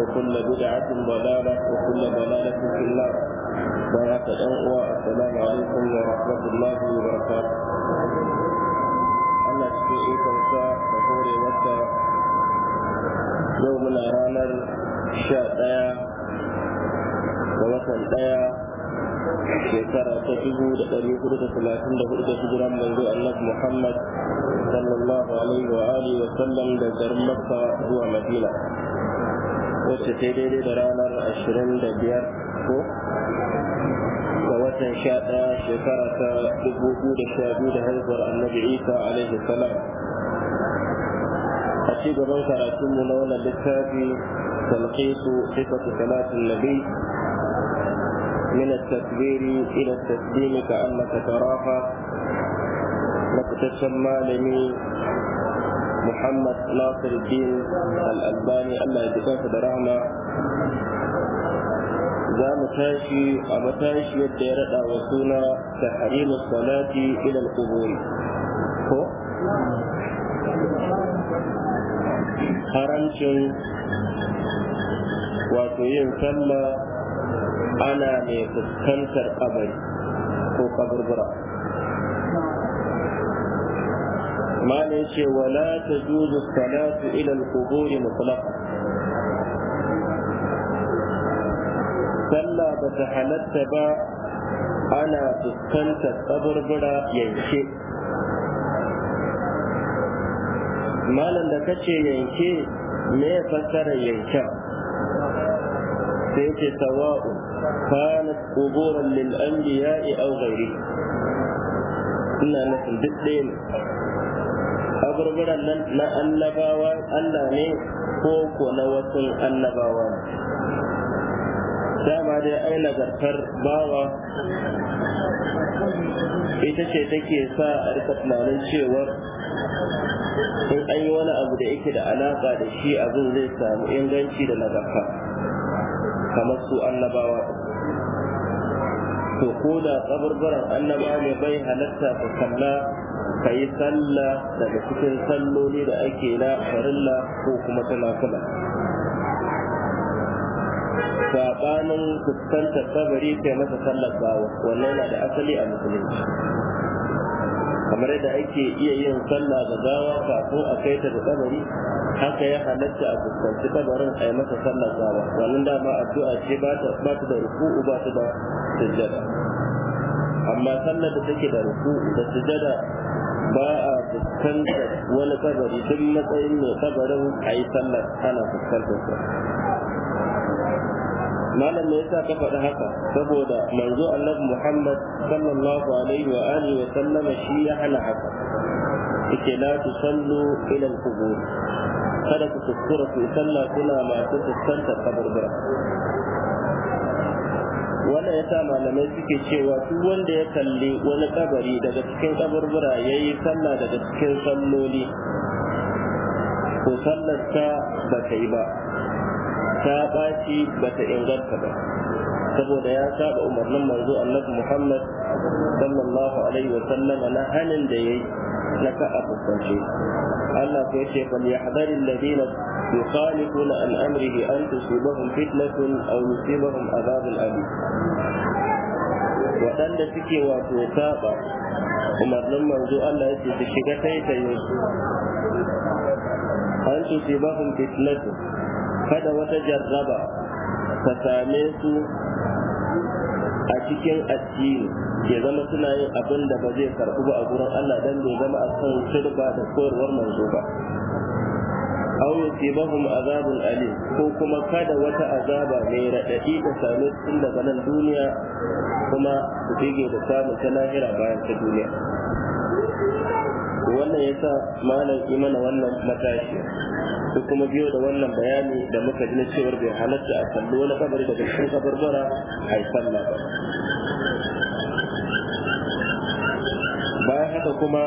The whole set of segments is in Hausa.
وكل بدعة ضلالة وكل ضلالة في النار ضيعة الأخوة والسلام عليكم ورحمة الله وبركاته أنا شفيعي توسع فخوري وسع يومنا رامر شاء تايا ووسع تايا شكرا تجيبوا لقد يقولوا تسلاتين لقد تجيبوا منذ الله محمد صلى الله عليه وآله وسلم لقد مكة هو مدينة wacce ta daidai da ranar ashirin da biyar ko ga watan sha ɗaya shekara ta dubu biyu da sha biyu da haihuwar annabi isa alaihi salam a ci gaban karatunmu na wannan littafi talqisu sifatu salatin nabi من التكبير إلى التسليم كأنك تراها لك تسمى لمي muhammad nasiruddin al'albani allah ya jikansa da za mu tashi a matashi yadda ya raɗa wa suna ta harimu salati ilal kuburi ko haramcin wato yin sallah ana mai fuskantar kabari ko kaburbura ما نيشي ولا تجوز الصلاة إلى القبور مطلقا صلى بتحلت با أنا تسكنت قبر بدا ينشي مالا لكشي ينشي ما فسر ينشا سيتي سواء كانت قبورا للأنبياء أو غيره ina nufin duk ɗaya ne kaburburan nan na annabawa Allah ne ko ko na wasu annabawa dama dai ai nagartar bawa ita ce take sa a rika tunanin cewar in an wani abu da yake da alaƙa da shi abin zai samu inganci da nagarta kamar su annabawa to ko da kaburburan annaba ne bai halatta ka kalla ka yi sallah daga cikin salloli da ake na farilla ko kuma tana kula sabanin fuskantar sabari kai masa sallar gawa wannan na da asali a musulunci kamar yadda ake iya yin sallah ga gawa kafin a kai ta da sabari haka ya halatta a fuskanci sabarin a yi masa sallar gawa wannan dama addu'a ce ba ta da ruku'u ba ta da sujjada amma sallar da take da ruku da sujjada ba a fuskantar wani kabari duk matsayin mai kabarin a yi sallar ana fuskantar sa malam ne yasa ka faɗi haka saboda manzo annabi muhammad sallallahu alaihi wa alihi wa sallama shi ya hana haka yake la tusallu ila al-qubur kada ku kuskura ku sallah kuna masu fuskantar kaburbura wanda ya sa malamai suke cewa duk wanda ya kalli wani kabari daga cikin kaburbura ya yi sallah daga cikin salloli ko sallar ta ba ta yi ba ta ɓaci ba ta inganta ba saboda ya saba umarnin manzo annabi Muhammad sallallahu alaihi wa sallam na hanin da yayi na ka a fuskance Allah ko yace fal yahdharil ladina يخالفون عن أمره أن تصيبهم فتنة أو يصيبهم عذاب أليم waɗanda suke wato saba umarnin manzo Allah ya ce su shiga kai ta su an su ce bahun fitnatu kada wata jarraba ta same su a cikin addini ke zama suna yin abin da ba zai karɓu ba a gurin Allah dan bai zama a kan shirba da koyarwar manzo ba aw yusibahum azabun alim ko kuma kada wata azaba mai radadi ta same su daga nan duniya kuma su fige da samun ta lahira bayan ta duniya wannan yasa malam mana wannan matashi su kuma biyo da wannan bayani da muka ji na cewar bai halatta a kallo wani kabari daga cikin kabarbara a yi ba bayan haka kuma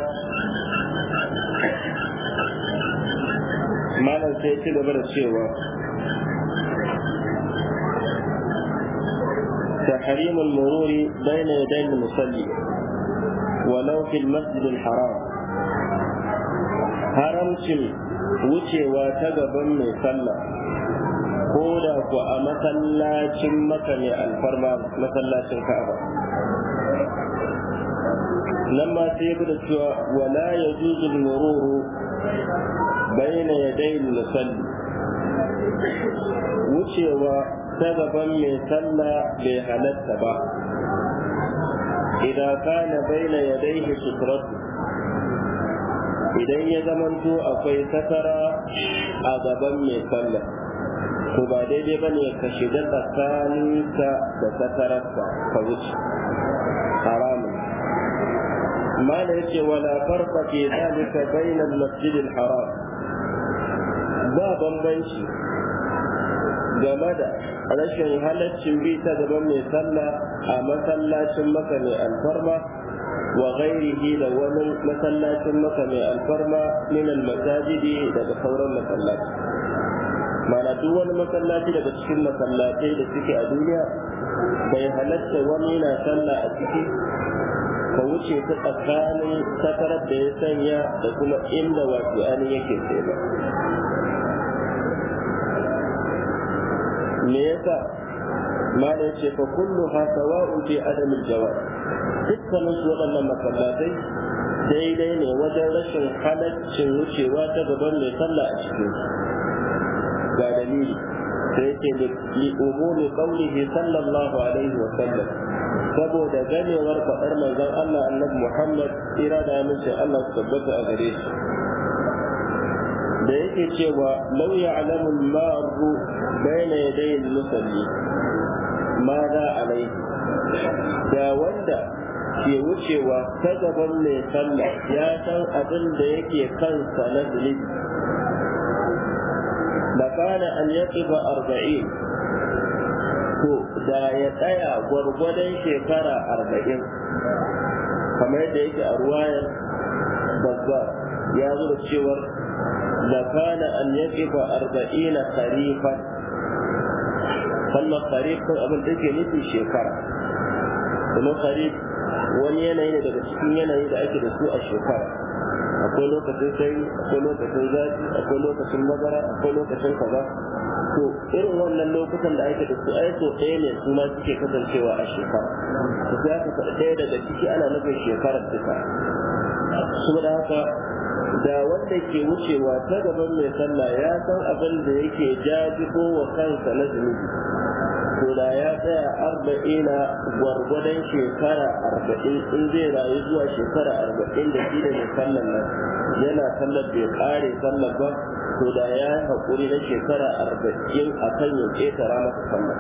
malam sai ci gaba da cewa تحريم المرور بين يدي المصلي ولو في المسجد الحرام haramcin wucewa ta gaban mai sallah ko da ku a masallacin maka mai alfarma masallacin ka'aba لما تيبرت ولا يجوز المرور بين يدي المصلي وشيوا سببا من صلى بهلا السبع إذا كان بين يديه سترة إذا يزمن يزمنت أقوي سترة أدبا من صلى وبعدين يبن يكشدن الثالثة بسترة فوش حرام ما ليس ولا فرق في ذلك بين المسجد الحرام بابا بنشي جمدا rashin halaccin bi ta gaban mai sallah a masallacin maka mai alfarma wa ghairihi da wani masallacin maka mai alfarma min almasajidi daga sauran masallaci mana duk wani masallaci daga cikin masallatai da suke a duniya bai halarta wani yana sallah a ciki wuce ta tsakanin sakarar da ya sanya da kuma inda wato ainihin yake tsaye ba me yasa ma da ce fa kullu ha sawa'u bi adam al-jawab dukkanin su waɗannan masallatai daidai ne wajen rashin halaccin wucewa ta gaban mai sallah a cikin ga dalili sai ce li umuri qawlihi sallallahu alaihi wa sallam saboda ganewar faɗar manzon Allah annabi Muhammad tsira da amince Allah su tabbata a gare shi da yake cewa law ya'lamu al-mar'u bayna yaday al-musalli ma da alai da wanda ke wucewa ta gaban mai sallah ya san abin da yake kansa na zunubi da kana an yaqiba arba'in to da ya tsaya gwargwadon shekara arba'in kamar yadda yake a ruwayar babba ya zo da cewar lakana an yaqifa arba'ina kharifan kalmar kharif kan abin da yake nufin shekara kuma kharif wani yanayi ne daga cikin yanayi da ake da su a shekara akwai lokacin sai akwai lokacin zafi akwai lokacin magara akwai lokacin kaza to irin wannan lokutan da ake da su ai so ɗaya ne su ma suke kasancewa a shekara to za ka faɗi ɗaya daga ciki ana nufin shekarar duka saboda haka da wanda ke wucewa ta gaban mai sallah ya san abin da yake jajibo wa kansa na zunubi to ya tsaya arba'ina gwargwadon shekara arba'in in zai rayu zuwa shekara arba'in da shi da mai sallar nan yana sallar bai kare sallar ba to ya yi haƙuri na shekara arba'in a kan ya ƙetara masa sallar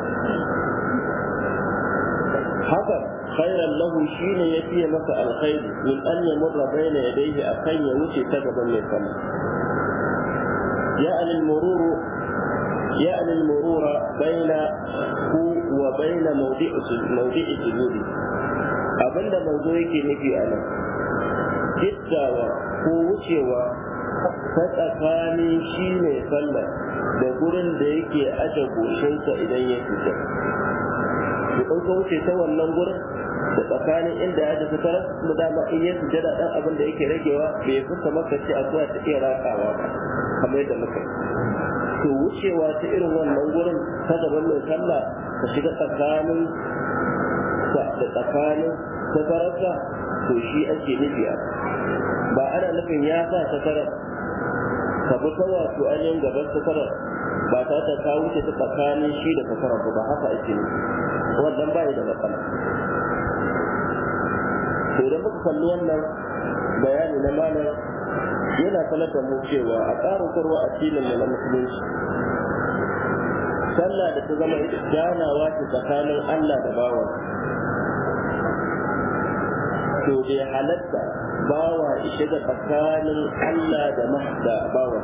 haka khairan lahu shine ya fiye masa alkhairi min an ya murra bayna yadayhi akan ya wuce ta gaban mai sallar ya al-mururu يعني المرور بينه وبين موضع موضع السجود abinda manzo yake nufi a nan gittawa ko wucewa ta tsakanin shi ne sallar da gurin da yake aje idan tsakanin inda ya tafi tara da dama in ya sujada ɗan abin da yake ragewa bai fuska maka ce a zuwa ta iya rakawa kamar yadda muka yi to wucewa ta irin wannan gurin ta gaban mai sallah ta shiga tsakanin da tsakanin safararsa to shi ake nufi ba ana nufin ya sa safarar ka bi ta an ainihin gaban safarar ba ta ta ta wuce ta tsakanin shi da safarar ba haka ake nufi wannan ba da matsala to da muka kalli wannan bayani na malar yana sanar da mu cewa a tsarin kurwa a filin na musulunci sallah da ta zama ganawa ce tsakanin Allah da bawa to bai halatta bawa ishe da tsakanin Allah da mahda bawa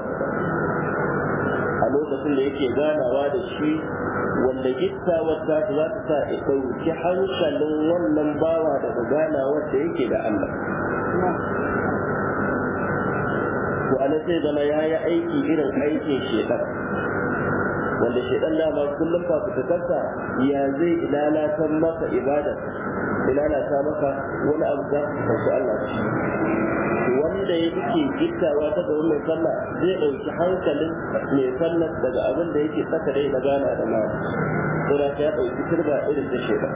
a lokacin da yake ganawa da shi wanda gittawar ta za ta sa ya ɗauki hankalin wannan bawa daga ganawar da yake da Allah ana sai zama ya yi aiki irin aikin shekar wanda shekar dama kullum ba fitakarsa ya zai lalata maka ibadar lalata maka wani abu za su su Allah wanda ya ke gittawa ta gaban mai sallah zai ɗauki hankalin mai sallah daga abin da yake tsaka dai na gana da ma saboda ya ɗauki turba irin ta shekar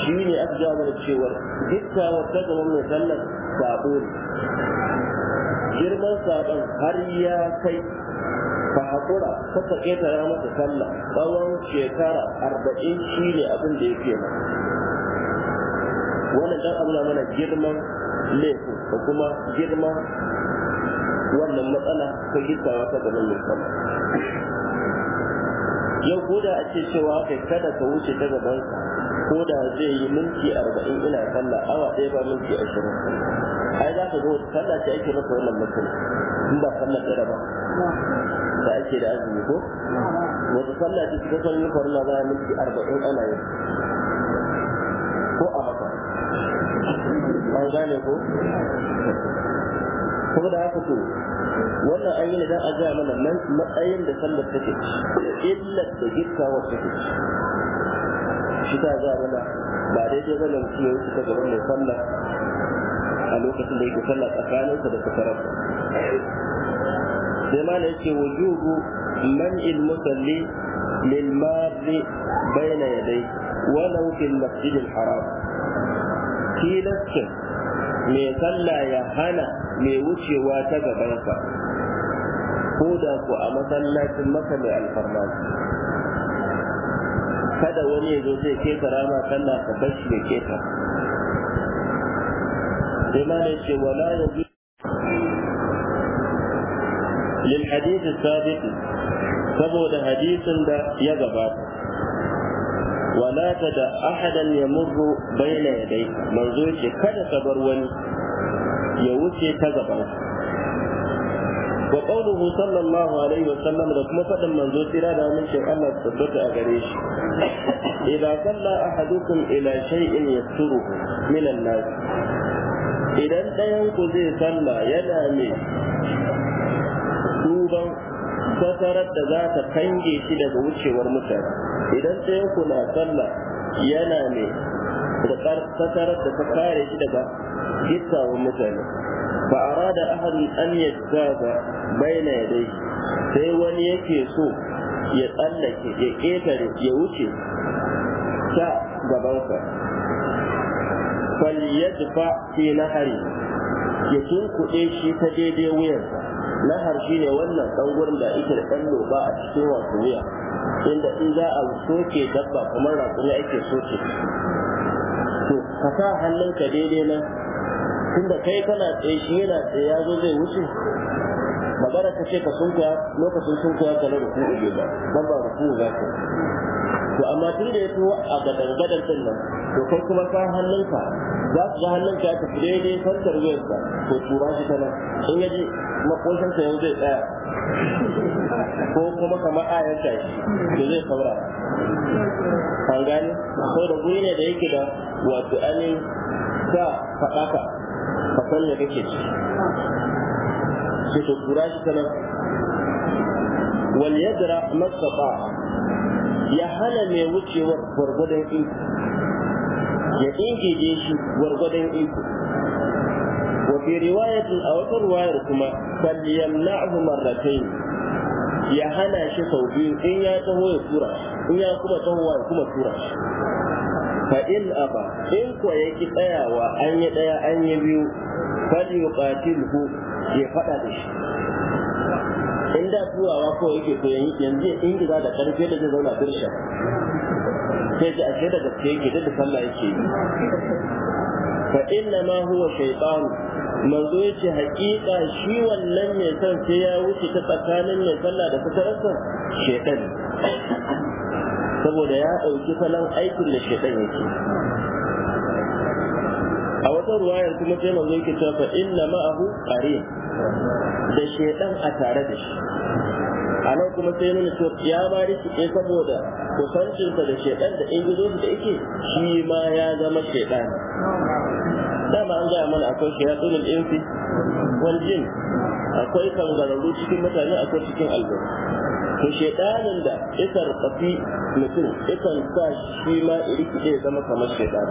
shi ne aka jawo mana cewar gittawar ta gaban mai sallah sabo ne girman saban har ya kai ka haƙura ka ka ƙetara masa sallah tsawon shekara arba'in shi ne abin da yake ma wannan dan abu na mana girman laifin da kuma girman wannan matsala ta gittawa ta gaban musamman yau ko da a ce cewa kai kada ka wuce ta gabansa ko da zai yi minti arba'in ina sallah awa ɗaya ba minti ashirin ai za ka zo sallah ce ake masa wannan mutum in ba sallah ɗaya ba da ake da azumi ko wata sallah ce ta sallah farilla za a minti arba'in ana yi. ko a maka an gane ko kuma da haka to wannan an yi ne don a gaya mana nan matsayin da sallar take illar da gittawar take shi ta gaya mana ba daidai bane mutum ya wuce ta gaban mai sallar a lokacin da yake sallah tsakaninsa da sakararsa sai ma da yake wujubu man'il musalli lil marri ya dai walau fil masjidin haram tilastin mai sallah ya hana mai wucewa ta gabansa ko da ku a masallacin maka mai alfarmaci kada wani ya zo zai keta rama sallah ka bashi da ya keta sai ma ne ce wala ya bi lil hadith sabiq saboda hadisin da ya gabata wala ta da ahadan ya murru baina yadai manzo ce kada ka bar wani ya wuce ta gaban wa qawluhu sallallahu alaihi wa sallam da kuma faɗin manzo da mun shin Allah tabbata a gare shi idza ila idan ɗayan ku zai sallah yana mai duban kasarar da za ta kange shi daga wucewar mutane idan ɗayan ku na sallah yana mai kasarar da ta kare shi daga gittawan mutane Ba da ahadin ahadun an bai baina yadai sai wani yake so ya tsallake ya ƙetare ya wuce ta gabansa falyadfa fi nahari ya tunkuɗe shi ta daidai wuyansa nahar shi ne wannan ɗan gurin da ake da ɗan loba a cikin wasu wuya inda in za a soke dabba kuma raƙumi ake soke to ka sa hannunka daidai nan tunda kai kana tsaye shi yana tsaye ya zai wuce Ba ta ce ka sunkuya lokacin sunkuya ka na ruku'u ba ban ba ruku'u za ka to amma tun da ya taho a gadan gadan din nan to kai kuma ka hannunka za su ga hannunka ya tafi daidai farkar wuyarsa to tura shi ta nan in ya ji makosansa yau zai tsaya ko kuma kamar ayar shi to zai saura an gane ko da guri ne da yake da wato ainihin sa faɗaka ka san me kake ci sai to tura shi ta nan wal yadra mastata ya hana mai wucewar gwargwadon iko ya ingije shi gwargwadon iko wa fi riwayatin a wata ruwayar kuma na'ahu marratayn ya hana shi sau biyu in ya taho ya tura in ya kuma taho ya kuma tura shi fa in aba in ko yaki tsayawa an yi daya an yi biyu fal yuqatilhu ya fada da shi in da turawa ko yake to yanzu ya ingiza da karfe da zai zauna birsha sai ji ashe da gaske yake duk da sallah yake yi fa inna ma huwa shaytan manzo yace haƙiƙa shi wannan mai san sai ya wuce ta tsakanin mai sallah da fitararsa shaytan saboda ya ɗauki salon aikin da shaytan yake a wata ruwayar kuma sai manzo yake cewa fa inna ma'ahu qarin da shedan a tare da shi a nan kuma sai nuna so ya ma ke saboda kusancinsa da shedan da in gizo da yake shi ma ya zama shedan dama an gaya mana akwai shayatunul insi wal jin akwai kangararru cikin mutane akwai cikin albarku. to shedanin da ya sarfafi mutum yakan sa shi ma irikide zama kamar shedan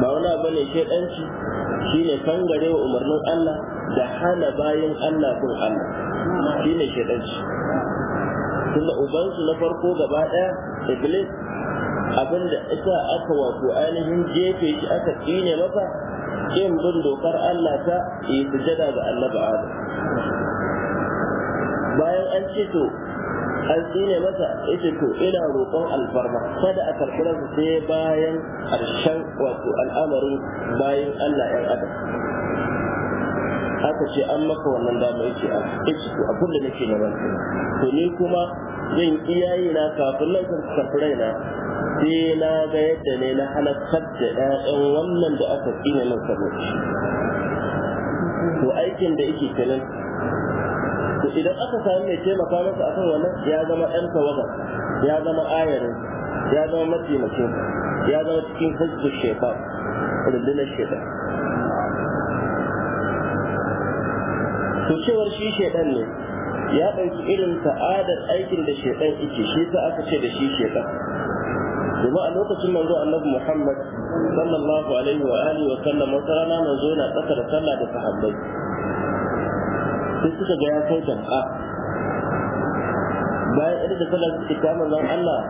ba wani abu ne shedanci shine kangare wa umarnin Allah da hana bayan Allah kun Allah shine shedanci tunda ubansu na farko gaba daya iblis abinda ita aka wato ainihin jefe shi aka tsine masa kin bin dokar Allah ta yi sujada ga Allah Adam bayan an ce to an tsine masa yace to ina roƙon alfarma kada a karɓi ransa sai bayan ƙarshen wato al'amarin bayan Allah ɗan adam aka ce an maka wannan dama yace a yace to abin da nake na ranka to ni kuma zan iyaye na kafin nan ka karɓi raina sai na ga yadda ne na halakar da ɗayan wannan da aka tsine masa to aikin da yake kenan idan aka sami mai taimaka masa akan wannan ya zama ɗan tawaga ya zama ayarin ya zama mataimakin ya zama cikin hizbu shefa rundunar shefa to cewar shi shedan ne ya ɗauki irin sa'adar aikin da shedan yake shi ta aka ce da shi shedan domin a lokacin manzo annabi Muhammad sallallahu alaihi wa alihi wa sallam wata rana manzo yana da sallah da sahabbai sai suka ga ya kai danka bayan idan da sallah suke kamar zan Allah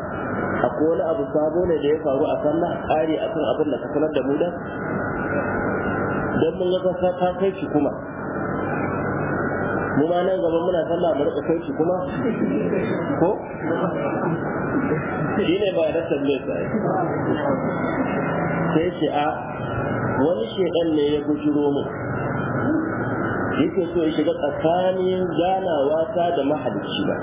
akwai wani abu sabo ne da ya faru a sallah a akan abin da ka sanar da mu da dan mun ga ka ta kai shi kuma mu ma nan gaban muna sallah mu rika kai shi kuma ko shi ne ba da sallah sai sai shi a wani shedan ne ya gujiro mu yake so ya shiga tsakanin ganawa ta da mahalicci ba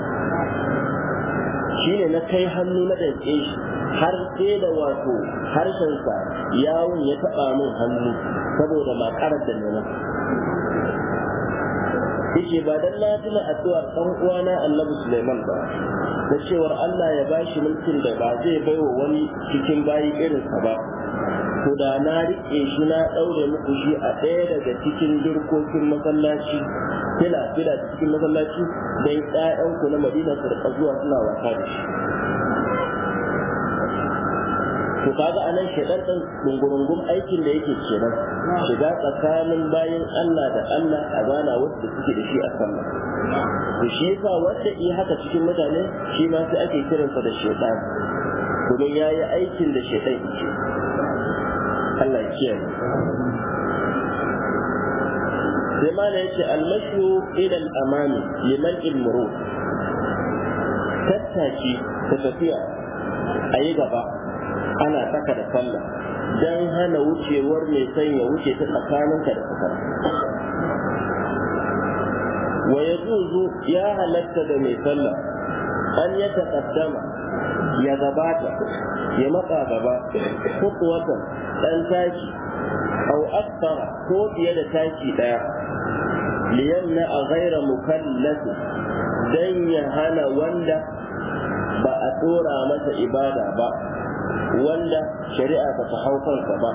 shine na kai hannu na ɗauke shi har sai da wato harshensa yawon ya taɓa min hannu saboda makarar da nuna yake ba don na tuna addu'ar ɗan uwana annabi suleiman ba na cewar Allah ya ba shi mulkin da ba zai baiwa wani cikin bayi irinsa ba to na riƙe shi na ɗaure muku shi a ɗaya daga cikin durkokin masallaci fila fila cikin masallaci don ƴaƴanku na madina su riƙa zuwa suna wasa da shi to kaga anan shedan din dungurungum aikin da yake kenan shiga tsakanin bayan Allah da Allah a gana wanda suke da shi a sallah to shi yasa wanda iya haka cikin mutane shi ma sai ake kiransa da shedan domin yi aikin da shedan yake Allah ya kiyaye sai ma na yace almashu ila amani amami liman al tattaki ta tafiya a yi gaba ana saka da sallah don hana wucewar mai sanya ya wuce ta tsakaninka da kasar wa ya ya halatta da mai sallah an ya taƙaddama ya gabata ya matsa gaba kutuwatan dan tashi au aksara ko fiye da tashi daya liyanna a ghaira mukallafi dan ya hana wanda ba a tsora masa ibada ba wanda shari'a ba ta hau ka ba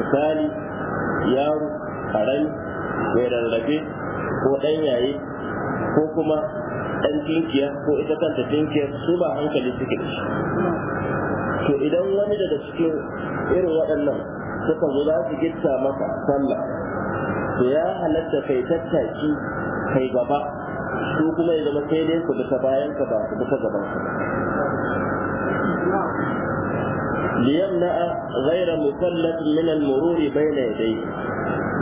misali yaro karai mai rarrabe ko ɗan yayi ko kuma ɗan tinkiya ko ita kanta tinkiyar su ba hankali suke da shi to idan wani daga cikin irin waɗannan suka zo za su gitta maka sallah to ya halatta kai tattaki kai gaba su kuma ya zama sai dai ku bisa bayan ka ba ku bisa gaban ka liyamna ghaira musallat min al-mururi bayna yadayhi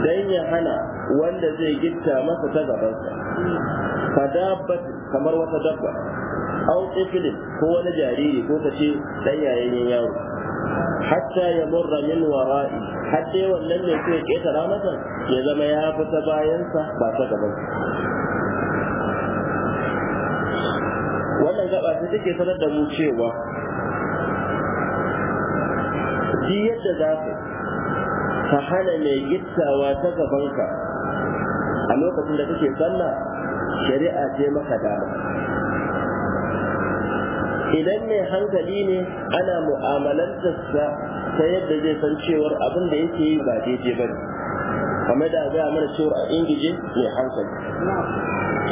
dan ya hana wanda zai gitta masa ta gaban sa kadabbat kamar wata dabba au tiflin ko wani jariri ko ta ce dan yayin yaro hatta ya murra min wara'i hatta wannan ne ke ya ketara masa ya zama ya fita bayansa ba ta gaban wannan gaba ce take sanar da mu cewa ji yadda za ka ka hana mai gittawa ta gabanka a lokacin da kake sallah shari'a ce maka dama idan mai hankali ne ana mu'amalantarsa ta yadda zai san cewar abin da yake yi ba daidai ba ne kamar da za mana cewa a ingije mai hankali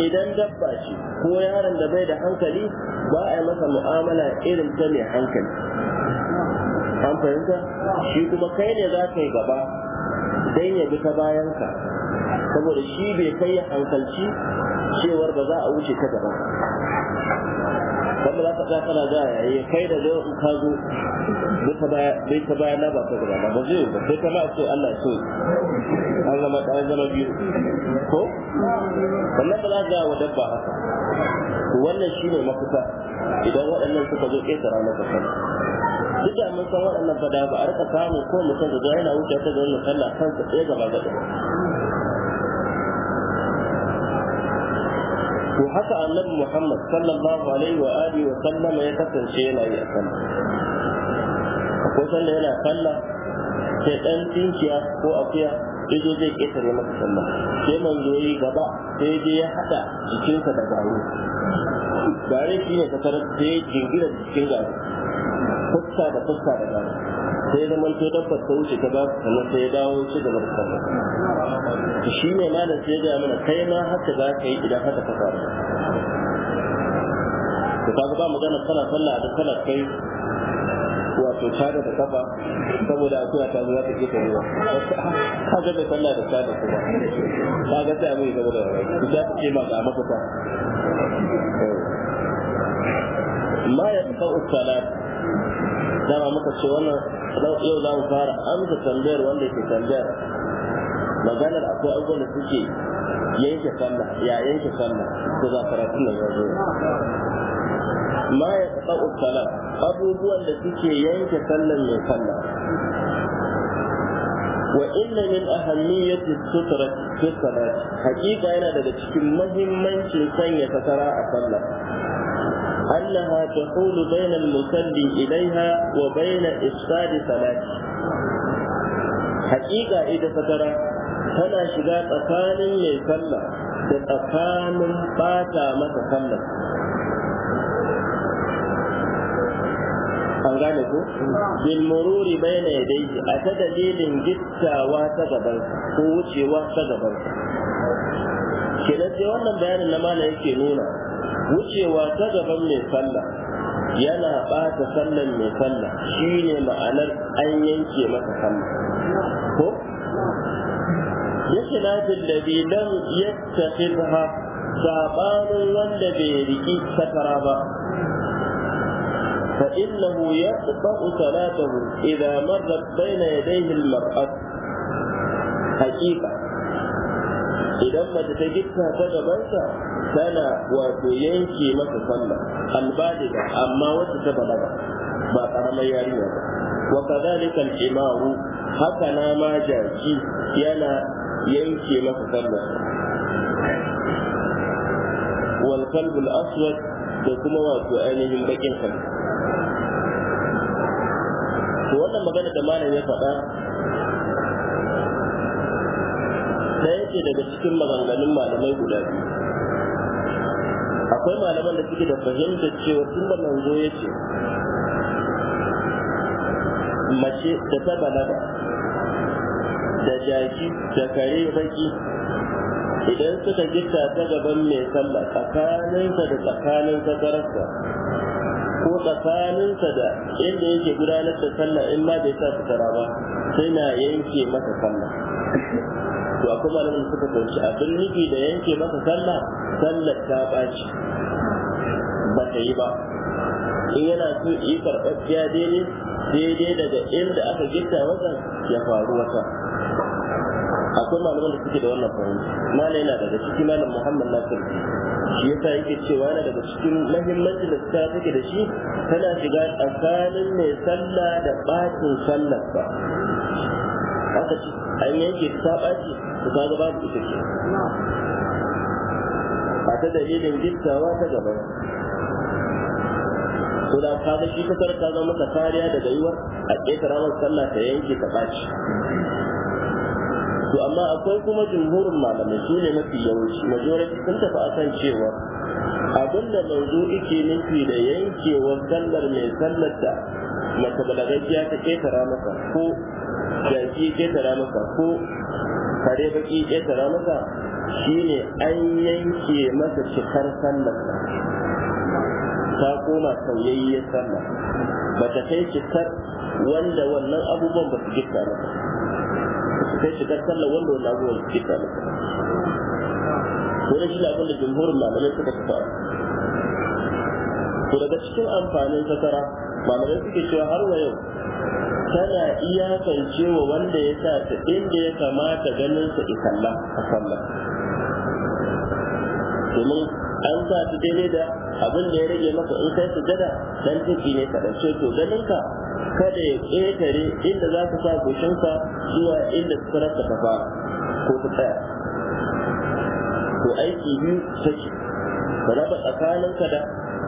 idan dabba ce ko yaron da bai da hankali ba a yi masa mu'amala irin ta mai hankali an fahimta shi kuma kai ne za ka yi gaba don ya bi ta bayanka saboda shi bai kai hankalci cewar ba za a wuce ta gaba wanda za ka tsaya kana ga ya kai da zai in ka zo bai ta baya na ba ta gaba ba zai ba sai kana so Allah so an zama ɗan zama biyu ko wannan ba za ka wa dabba haka wannan shi ne mafita idan waɗannan suka zo ƙetara na kasan duk da mun san waɗannan fada ba a rika samun ko mutum da yana wuce ta ga wannan sallah kansa ɗaya gaba gaba to haka annabi Muhammad sallallahu alaihi wa alihi wa sallam ya kasance yana yi a sallah akwai sallah yana sallah sai dan tinkiya ko akuya yazo zai ketare masa sallah sai manzo yayi gaba sai je ya hada jikinsa da gare shi ne ta tarar sai jingira jikin gari fuska da fuska da gari sai zama to tabbas ta wuce kaza sannan sai ya dawo ci da sallah to shi ne da sai ya mana kai ma haka za ka yi idan haka ta faru to kaga ba magana tana sallah da sallah kai wato tada da kafa saboda akuya ta zuwa za ta keta ruwa ga da sallah da tada kuma kaga ga mai gaba da rai ta ce ma ga mafita Amma ya tsau salat dama muka ce wannan yau za mu fara amsa tambayar wanda ke tambayar maganar akwai abubuwan da suke yanke sallah ya yanke sallah ko za karatun da zazo ma ya tsau salat abubuwan da suke yanke sallar mai sallah wa inna min ahammiyati sutra fi salat hakika yana daga cikin muhimmancin sanya satara a sallah أنها تحول بين المصلي إليها وبين إفساد صلاته حقيقة إذا فترى tana shiga tsakanin mai sallah da tsakanin bata masa sallah an gane ko bil mururi bayna yadayhi a ta dalilin gittawa ta gaban ko wucewa ta gaban kenan sai wannan bayanin na mala yake nuna wucewa ta gaban mai sallah yana ɓata sallan mai sallah shine ma'anar an yanke masa sallah ko yake lafin da bai lam yattakhidha sabanin wanda bai riki sakara ba فإنه يقطع صلاته إذا مرت بين يديه المرأة حقيقة idan mace ta gitta ta gabansa tana wato yanke masa sallah da amma wata ta balaga ba karamar yarinya ba wa kadhalika al-imaru haka na ma jaki yana yanke masa sallah wal al aswad da kuma wato ainihin bakin kan to wannan magana da malam ya faɗa da ce daga cikin maganganun malamai guda biyu akwai malaman da suke da fahimtar cewa tun da manzo ya ce mace da ta balaga da jaki da kare baki idan suka gita ta gaban mai sallah tsakaninsa da tsakanin sakararsa ko tsakaninsa da inda yake gudanar da sallah in ma bai sa sutura ba sai na yanke masa sallah to akwai malamin suka fahimci abin nufi da yanke masa sallah sallar ta ɓaci ba ta yi ba in yana so yi karɓaɓɓiya daidai daidai daga inda aka gita watan ya faru wata akwai malaman da suke da wannan fahimci mana yana daga ciki malam muhammad nasir shi yasa yake cewa yana daga cikin mahimmancin da suka take da shi tana shiga tsakanin mai sallah da ɓacin sallar ba aka ci an yanke ta ɓaci to kaga babu ita ce ba ta dalilin gittawa ta gaba to da kaga shi kasar ta zama ta kariya daga yiwuwar a ƙetara masa sallah ta yanke ta ɓaci to amma akwai kuma jumhurin malamai su ne mafi yawanci majority sun tafi akan cewa abin da manzo yake nufi da yankewar sallar mai sallar da mace balagajiya ta ƙetara masa ko jaki ƙetara masa ko kare baki ƙetara masa shine an yanke masa cikar sallarsa ta koma sauyayyar sallah ba ta kai cikar wanda wannan abubuwan ba su gifta masa ba su kai cikar sallah wanda wannan abubuwan su gifta masa wani shi abin da jumhurin malamai suka fi fara to daga cikin amfanin satara malamai suke cewa har wa yau kana iyakance wa wanda ya sa ta inda ya kamata ganin sa isalla a sallah domin an sa ta daidai da abin da ya rage maka in kai gada dan ciki ne kaɗan ce to ganin ka kada ya ƙetare inda za ka sa goshinka zuwa inda sukararka ta fara ko ta tsaya to aiki biyu take ka raba tsakaninka da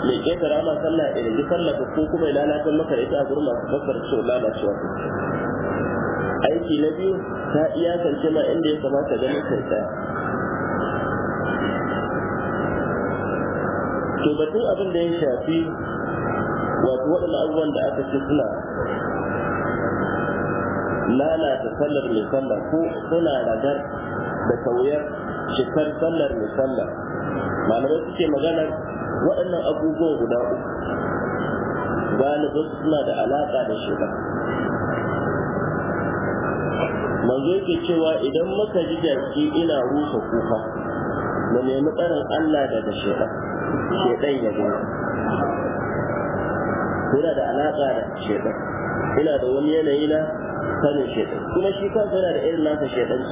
mai ƙetare ma sallah ya rage sallah ko kuma ya lalatar maka ita a gurin masu fassara cewa lalacewa aiki na biyu ta iyakance ma inda ya kamata ganin kai to batun abin da ya shafi wato waɗanda abubuwan da aka ce suna lalata sallar mai sallah ko suna ragar da sauyar shekar sallar mai sallah malamai suke maganar waɗannan abubuwa guda uku galibin suna da alaƙa da shiga manzo ke cewa idan muka ji jaki ina rusa kuka mu nemi tsarin Allah daga shiga, shaidan ya gani Kuna da alaƙa da shiga, ina da wani yanayi na sanin shaidan kuma shi kansa yana da irin nasa shaidan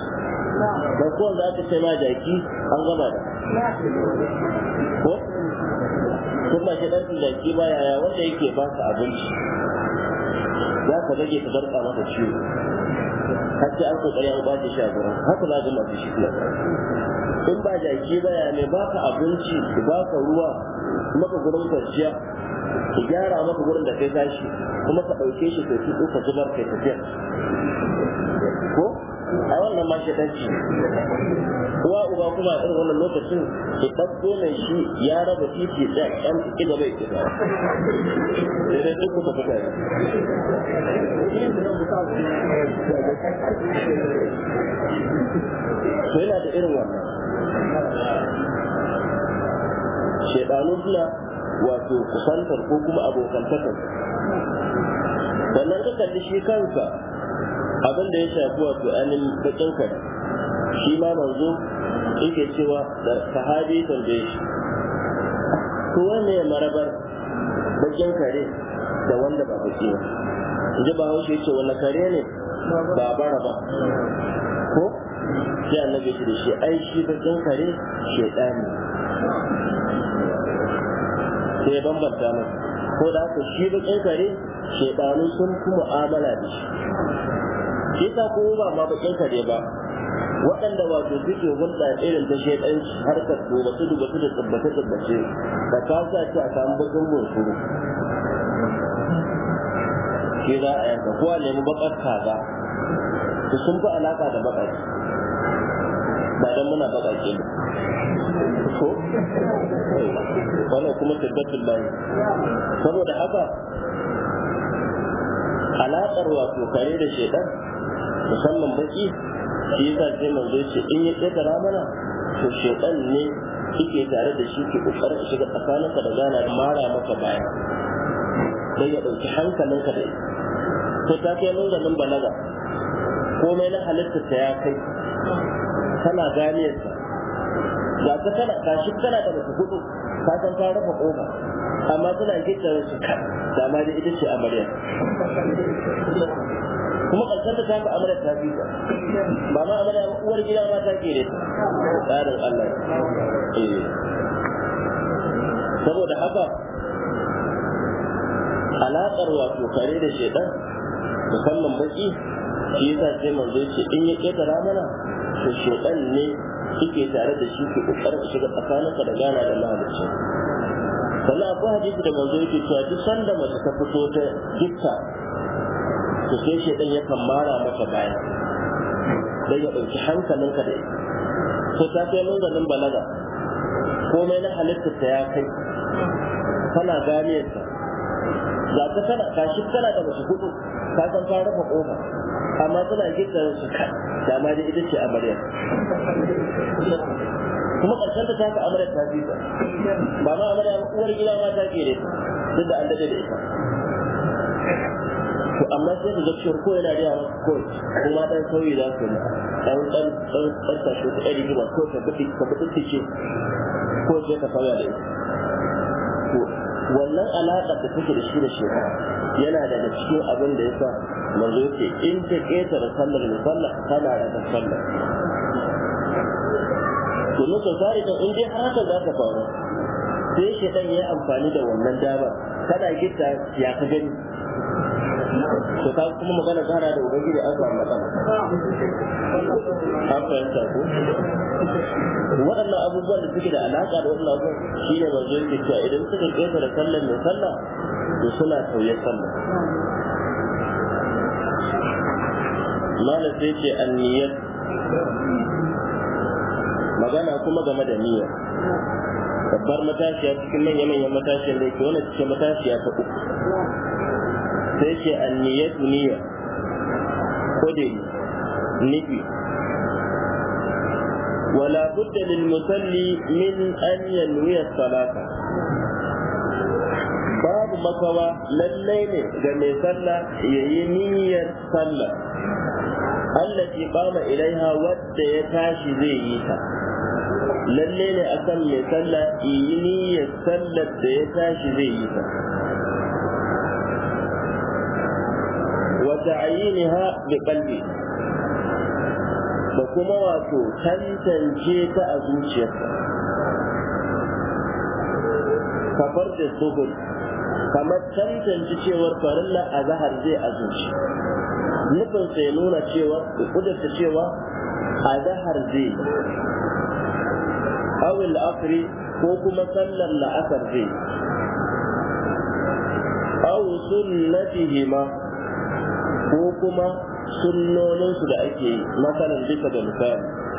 ba kowa za ka sai ma jaki an gaba da ko kun ba shi dan tuzaki ba yaya wanda yake ba ka abinci za ka rage ka zarka masa ciwo har sai an kokari an ba shi a gurin haka za ga masu shi in ba jaki ba ya mai baka abinci ba ka ruwa maka gurin kwanciya ki gyara maka gurin da kai tashi kuma ka ɗauke shi sosai tuɗo ka zubar kai tafiya a wannan ma shi ɗanci Kuwa, uba kuma a wannan lokacin da ɗabbo mai shi ya raba titi da ɗan ki gaba ya kira sai dai duk kuka fita to yana da irin wannan shaidanu suna wato kusantar ko kuma abokantakar sannan ka kalli shi kansa abin da ya shafi wato anin bakin kare shi ma manzo yake cewa da sahabi tambaye shi ko wanne ya marabar bakin kare da wanda ba baki ba ji ba haushe ce wani kare ne ba bara ba ko sai annabi shi da shi ai shi bakin kare shedani sai ya bambanta masa ko da haka shi bakin kare shedanu sun kuma amala da shi shi yasa ko ba ma bakin kare ba waɗanda wato suke hulɗa irin ta shaidanci harkar dubatu su da tsabbace tsabbace da ka sa ce a samu bakin bunsuru shi za a yanka ko a nemi bakar kaza su sun fi alaka da bakar ba dan muna bakake ba ko wannan kuma tabbatul lahi saboda haka alaƙar wato kare da shaidan musamman baki shi yasa sai manzo ce in ya kaddara mana to shedan ne kike tare da shi ke kokarin shiga tsakaninka da gana mara maka baya dan ya dauki hankalinka da to ta kai nan ganin balaga komai na halitta ta ya kai kana ganiyarsa ga ka kana shi kana da mutu hudu ka san ka rafa kofa amma tana gidan su da ma da ita ce amarya kuma karshen ta tafi amara ta fi ta ba ma amara uwar gida ma ta kere tsarin Allah eh. saboda haka alaƙar wato kare da shaidan musamman baki shi yasa sai manzo ce in ya ketara mana to shaidan ne suke tare da shi ke kokarin shiga tsakaninka da gana da mahalicci sannan akwai hadisi da manzo yake cewa duk sanda mace ta fito ta gitta to sai dan ya mara maka baya dai ya dauki hankalin da dai ko ta kai manzalin balaga komai na halitta ta ya kai kana gane ta za ka tana shi tana da musu hudu ka san ta rafa kofa amma kana gidan su ka da ma dai ita ce amarya kuma karshen ta ka amarya ta bi ba ma amarya uwar gida ma ta ke da duk da an dade da ita To amma sai ka ga cewa ko yana da yawa ko kuma dan sauyi za su yi dan dan dan dan ta shi ta ɗari gima ko ta buɗe ka ce ko sai ka sauya da ita wannan alaƙa da take da shi da shekara yana daga cikin abin da yasa manzo yake in ta ƙetare sallar da sallah tana da sallar to ne to sai da in dai har za ta faru sai shedan ya amfani da wannan dama Kada gitta ya ka gani to ka kuma magana zara da ubangiji an samu matsala an fahimta ko waɗannan abubuwan da suke da alaƙa da wannan abubuwan shi ne manzo yake cewa idan suka kesa da sallar mai sallah to suna tauye sallah malam sai ce an niyyar magana kuma game da niyya babbar matashiya cikin manya-manyan matashiyar da yake wani cikin matashiya ta uku sai ce an niyyatu niyya kudin nufi ولا بد musalli min أن ينوي الصلاة babu makawa lallai ne ga mai sallah ya yi niyyar sallah Allah allati qama ilaiha wadda ya tashi zai yi ta lalle ne akan mai sallah yi niyyar sallar da ya tashi zai yi ta وتعيينها بقلبي da kuma wato tantance ta a zuciyarsa kafar da subul kamar tantance cewar farilla a zai a zuci nufin sai nuna cewa kudurta cewa a zahar zai ko kuma sallar la'asar zai ko kuma sunnoninsu da ake yi masalan bisa da misali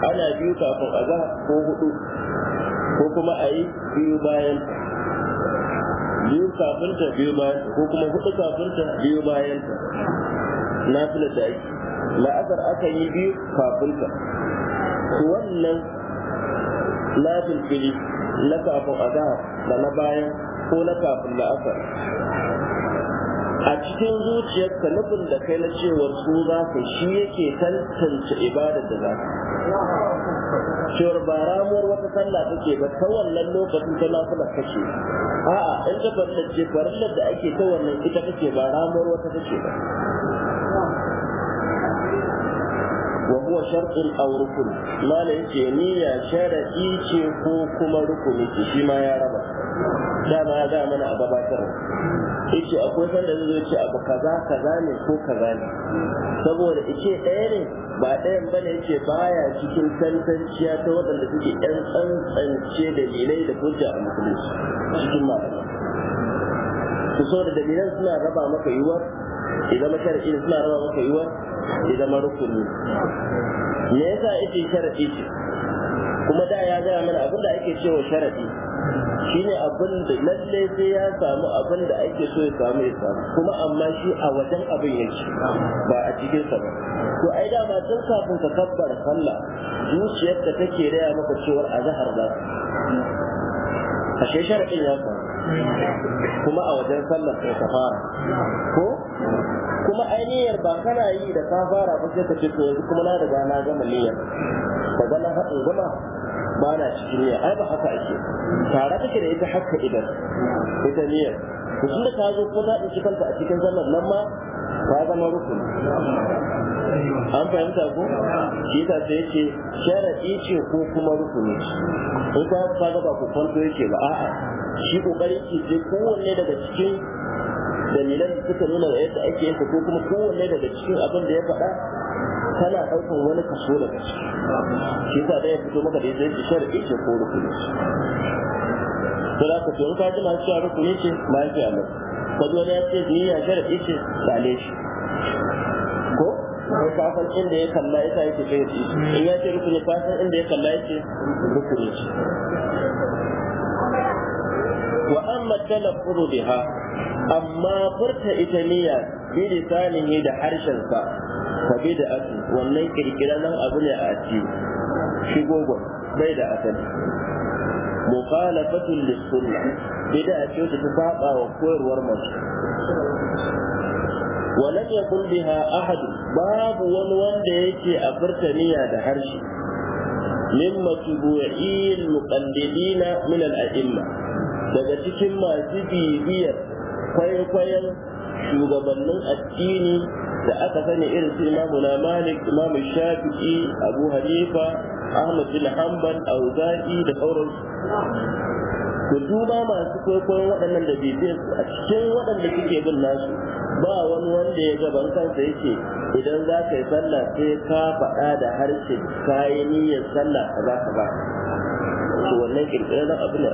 ana biyu kafin a za ko hudu ko kuma a yi biyu bayan biyu kafin ta biyu bayan ko kuma hudu kafin ta biyu bayan ta na fi da ake la'asar aka yi biyu kafin ta wannan na fili na kafin azhar da na bayan ko na kafin la'asar a cikin zuciyarka nufin da kai na cewar su za ka shi yake tantance ibadar da za ka cewar ba ramuwar wata sallah take ba ta wannan lokacin ta nafila kashe. a'a in ta farilla ce farillar da ake ta wannan ita ke ba ramuwar wata take ba وهو شرط أو ركن ما ليس نية شرعي شيء كما ma ya raba. Dama ya دام هذا mana a بكر yace akwai sanda zai ce abu kaza kaza ne ko kaza ne saboda yace ɗaya ne ba ɗayan ba ne yace baya cikin tantanciya ta waɗanda suke ɗan tsantsance dalilai da hujja a musulunci cikin malamai su so da dalilan suna raba maka yiwuwar idan mashar'i suna raba maka yiwuwar idan marukuni me yasa yace shar'i ce kuma da ya gaya mana abinda ake cewa sharadi shine abin da lalle sai ya samu abin da ake so ya samu ya samu kuma amma shi a wajen abin yake ba a cikin sa ba to ai da ma tun kafin ka kabbara sallah zuciyar da take raya maka cewa zahar za ashe shar'in ya samu kuma a wajen Sallah sai ka fara ko kuma ainihiyar ba kana yi da ka fara ba sai ka ce to yanzu kuma na riga na gama niyyar ba gama haɗin gama ba na cikin niyya ai ba haka ake tare take da ita haka idan ita niyya to tun da ta zo ko ta ɗauki kanta a cikin zaman nan ma ta zama rukun an fahimta ko shi ta sai yake sharadi ce ko kuma rukuni ko ka ta ga ba ku kwanto yake ba a'a shi kokari ke je kowanne daga cikin dalilan da suka nuna yadda ake yin ko kuma kowanne daga cikin abin da ya faɗa kana ɗaukar wani kaso da kaso shi yasa da ya fito maka da yadda yake shari'i ce ko rukuni to da ka tsoron kaji masu cewa rukuni ce ba lafiya lau kaji wani ya ce ni ya shari'i ce sale shi ko kai ka san inda ya kalla yasa yake sai shi in ya ce rukuni ka san inda ya kalla yake rukuni ce wa amma talaffuzu biha amma furta ita niyya bi lisanihi da harshen sa. kabe da asu wannan kirkira nan abu ne a ci shi gogo bai da asu mukhalafatu lis-sunna bida a ce su saba wa koyarwar mu wa lam yakul biha ahad babu wani wanda yake a furtaniya da harshe min matbu'in muqaddidina min al-a'imma daga cikin masu bibiyar kwaikwayon shugabannin addini da aka sani irin su imamu na malik imamu shafi'i abu halifa ahmad bin hanbal auza'i da sauransu ku duba masu kwaikwayon waɗannan da bibiyar a cikin waɗanda suke bin nasu ba wani wanda ya gaban kansa yake idan za ka yi sallah sai ka faɗa da harshe ka yi niyyar sallah ka za ka ba to wannan ƙirƙirar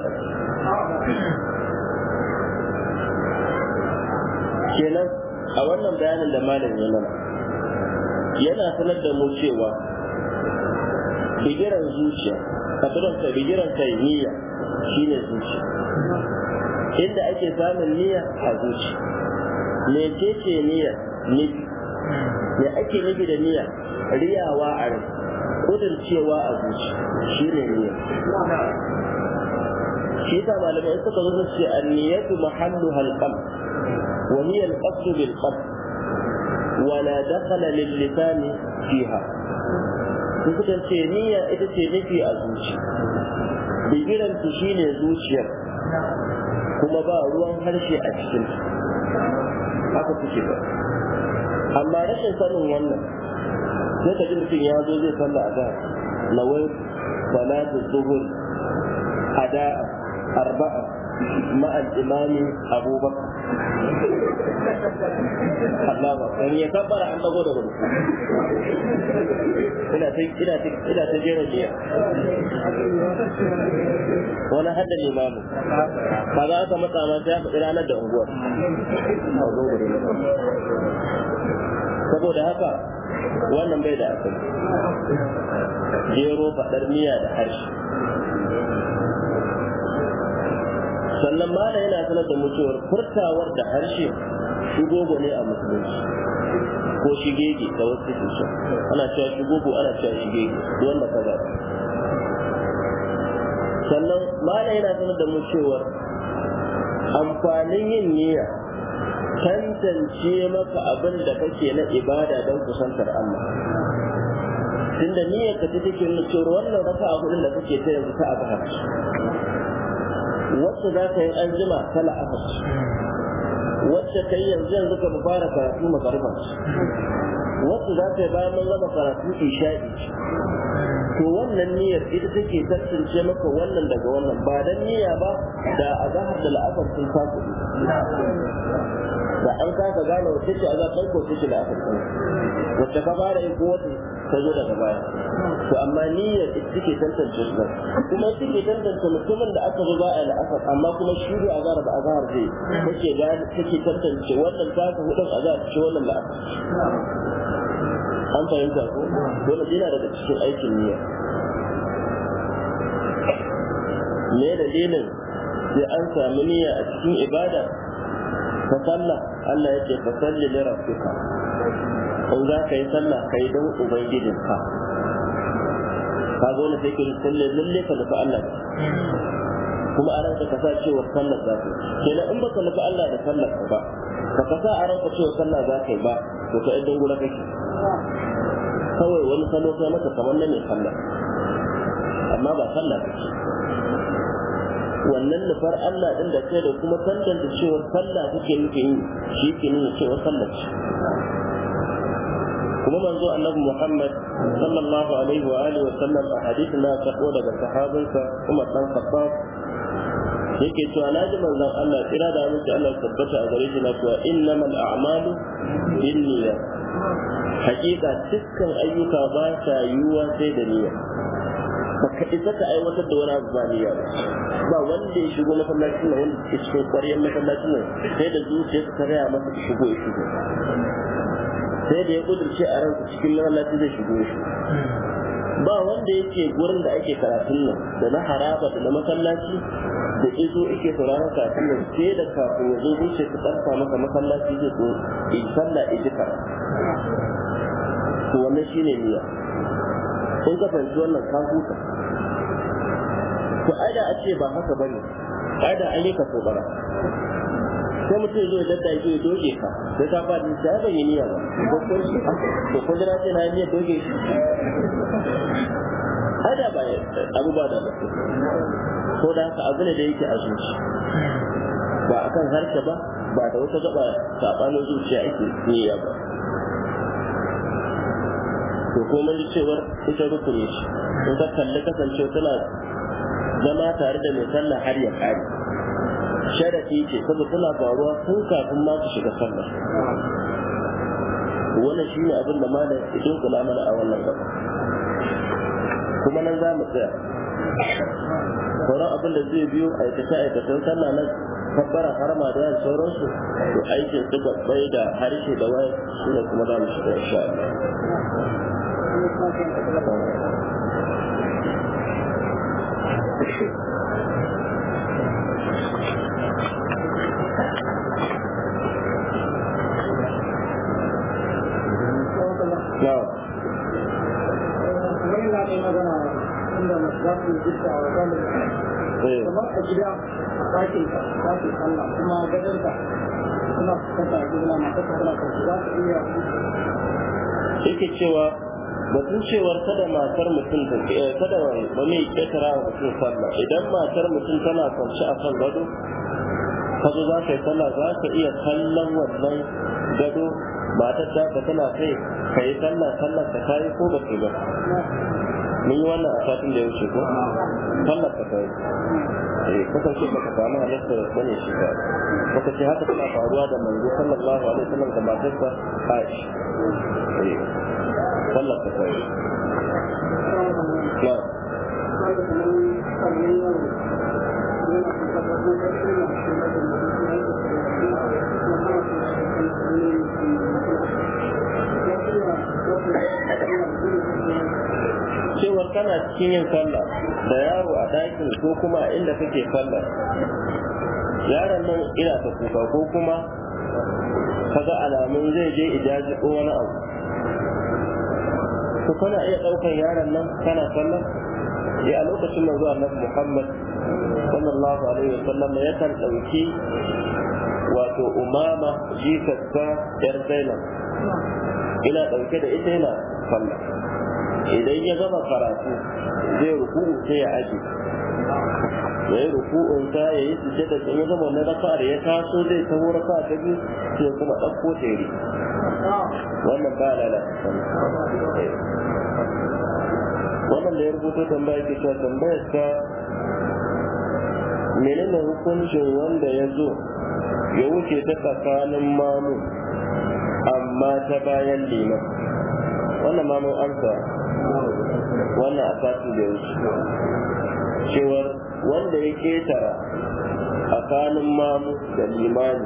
kenan a wannan bayanin da malam ya mana yana sanar da mu cewa bigiran zuciya kasurarsa bigiran kai niyya shine zuciya inda ake samun niyya a zuci mece ce niyya nufi me ake nufi da niyya riyawa a rai Kudin cewa a zuci shine niyya shi ta malamai suka zo su ce an niyyatu mahallu halqalb وهي القصد بالقصد ولا دخل للسان فيها مثل تيمية إذا تيمية أزوجي بجرى تشين أزوجي كما بأروا عن هرشي أجسل أكو تشيبا أما رشا سنو ون نتا جمتين يا زوجي سنة أداء نوال صلاة الظهر أداء أربعة مع الإمام أبو بكر Allah ba in ya kabbara an dago da gudu ina ta ina ta ina ta jera jiya wani hadda limamu ba za ka matsa ma sai ya tsira ranar da unguwar saboda haka wannan bai da asali jero faɗar miya da harshe sannan ma yana sanar da mutuwar furtawar da harshe shi gogo ne a musulunci ko shigege da wasu ke ana cewa shi gogo ana cewa shigege wanda ka ba sannan mala yana sanar da mu cewar amfanin yin niyya tantance maka abin da kake na ibada don kusantar Allah tunda niyyar ka ta take nuna cewa wannan raka'a hudun da kake ta yanzu ta azhar Wasu za ka yi an jima ta la'asar wacce yi yanzu yanzu ka mu fara karatu magarba wacce za ta yi bayan mun raba karatu isha'i to wannan niyyar ita take tantance maka wannan daga wannan ba dan niyya ba da a zahar da la'afar sun fasu da an kasa gane wacce ce a zahar ko wacce ce la'afar sun wacce ka fara yin ko wata? ta zo daga baya to amma niyyar suke tantance su kuma suke tantance mutumin da aka zo ba a la'asar amma kuma shiru a zara da azhar zai take gane take tantance wannan ta ka hudun azhar ce wannan la'asar an fahimta ko dole yana daga cikin aikin niyya me dalilin sai an samu niyya a cikin ibada ka sallah Allah ya ce fa salli li rabbika in za ka yi sallah ka yi don ubangijinka ka zo na sai sallar lalle ka nufi Allah kuma a ranka ka sa cewa sallar za ka kenan in baka nufi Allah da sallar ka ba ka ka sa a ranka cewa sallar za ka yi ba to ka idan gura kake kawai wani salo kai maka kamar na mai sallar amma ba sallar kake wannan nufar Allah din da kai da kuma tantance cewa sallah kake yake yi shi ke nuna cewa sallar ce kuma manzo annabi Muhammad sallallahu alaihi wa alihi wa sallam a hadisin da ta daga sahabinsa Umar dan Khattab yake cewa na ji manzon Allah kira da miki Allah tabbata a gare shi na cewa innamal a'malu binniya hakika dukkan ayyuka ba ta yiwuwa sai da niyya ka isa ka aiwatar da wani abu ba niyya ba wanda ya shigo masallacin nan wanda ke cikin ƙwaryar masallacin nan sai da zuciya ta raya masa shigo ya shigo sai da ya kudurce a ransa cikin lalata zai shigo shi ba wanda yake gurin da ake karatun nan da na haraba da na masallaci da izo ake sauraron karatun nan sai da kafin ya zo zuce su karfa masa masallaci zai zo in sallah ijika to wannan shine niyya kun ka fahimci wannan ka huta to ai da a ce ba haka bane ai da an yi ka sobara sai mutum zai zo ya dadda ya ya doge ka ta ka faɗi ta ya bayyana niyya ba ko ko ko jira ce na niyya doge shi hada ba abubuwa da ba ko da haka abu ne da yake a zuci ba akan harshe ba ba da wata gaba sabanin zuciya ake niyya ba to ko mun ji cewar ita rukuni shi in ka kalli kasance tana zama tare da mai sallah har ya kare sharafi ce saboda suna faruwa tun kafin ma su shiga sallah wannan shine abin da malam idan kula mana a wannan gaba kuma nan za mu tsaya sauran abin da zai biyo aikace aikacen sallah na kabbara harma da sauransu to aikin su gabbai da harshe da waye su kuma za mu shiga insha Allah magana inda za su a wajen eh. kamar a gida a ɗakin ka za su sallah kuma gadon ka suna fuskanta gida na kasa tana karshe za su iya yake cewa batun cewar kada matar mutum ta eh, kada wani ƙetara wa mutum sallah idan matar mutum tana kwance a kan gado ka zo za ka yi sallah za ka iya kallon wannan gado matar ta ka tana kai ka yi sallah sallah ka kayi ko ba ka ba mun yi wannan a satin da ya wuce ko sallar ka kai eh kasance ba ka samu halatta da sani shi ba baka ce haka tana faruwa da manzo sallallahu alaihi wasallam da matarsa Aisha eh sallar ka kai na'am kana cikin yin sallah da yaro a ɗakin ko kuma a inda kake sallah yaron nan ina ta kuka ko kuma kaga alamun zai je ijaji ko wani abu ko kana iya ɗaukan yaron nan kana sallah ya eh, a lokacin da zuwa na Muhammad sallallahu alaihi wasallam ya kan ɗauki wato umama jikarsa yar zainab ina ɗauke da ita yana sallah idan ya gama karatu zai ruku'u sai ya aje ya yi ruku'un ta ya yi sujjada da ya gama na raka da ya taso zai taho raka ta biyu sai kuma ɗauko yi. wannan ba lalata wannan da ya rubuta tambaya ke ta tambayar ta menene hukuncin wanda ya zo ya wuce ta tsakanin mamu amma ta bayan liman wannan mamun amsa wannan a fatin da wuce cewar wanda ya ketara kanin mamu da limani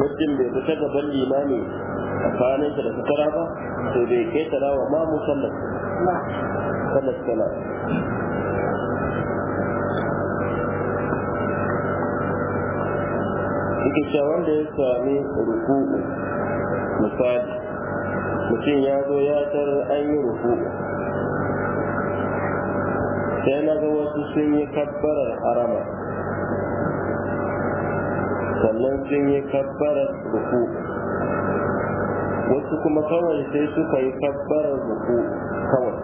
mutum bai fita gaban limani ta da sutura ba to bai ketara wa mamu sallar sallar sallar yake cewa wanda ya sami ruku'u misali mutum ya zo ya tar an yi ruku'u sai na ga wasu sun yi kabbarar harama sannan sun yi kabbarar ruku wasu kuma kawai sai suka yi kabbarar ruku kawai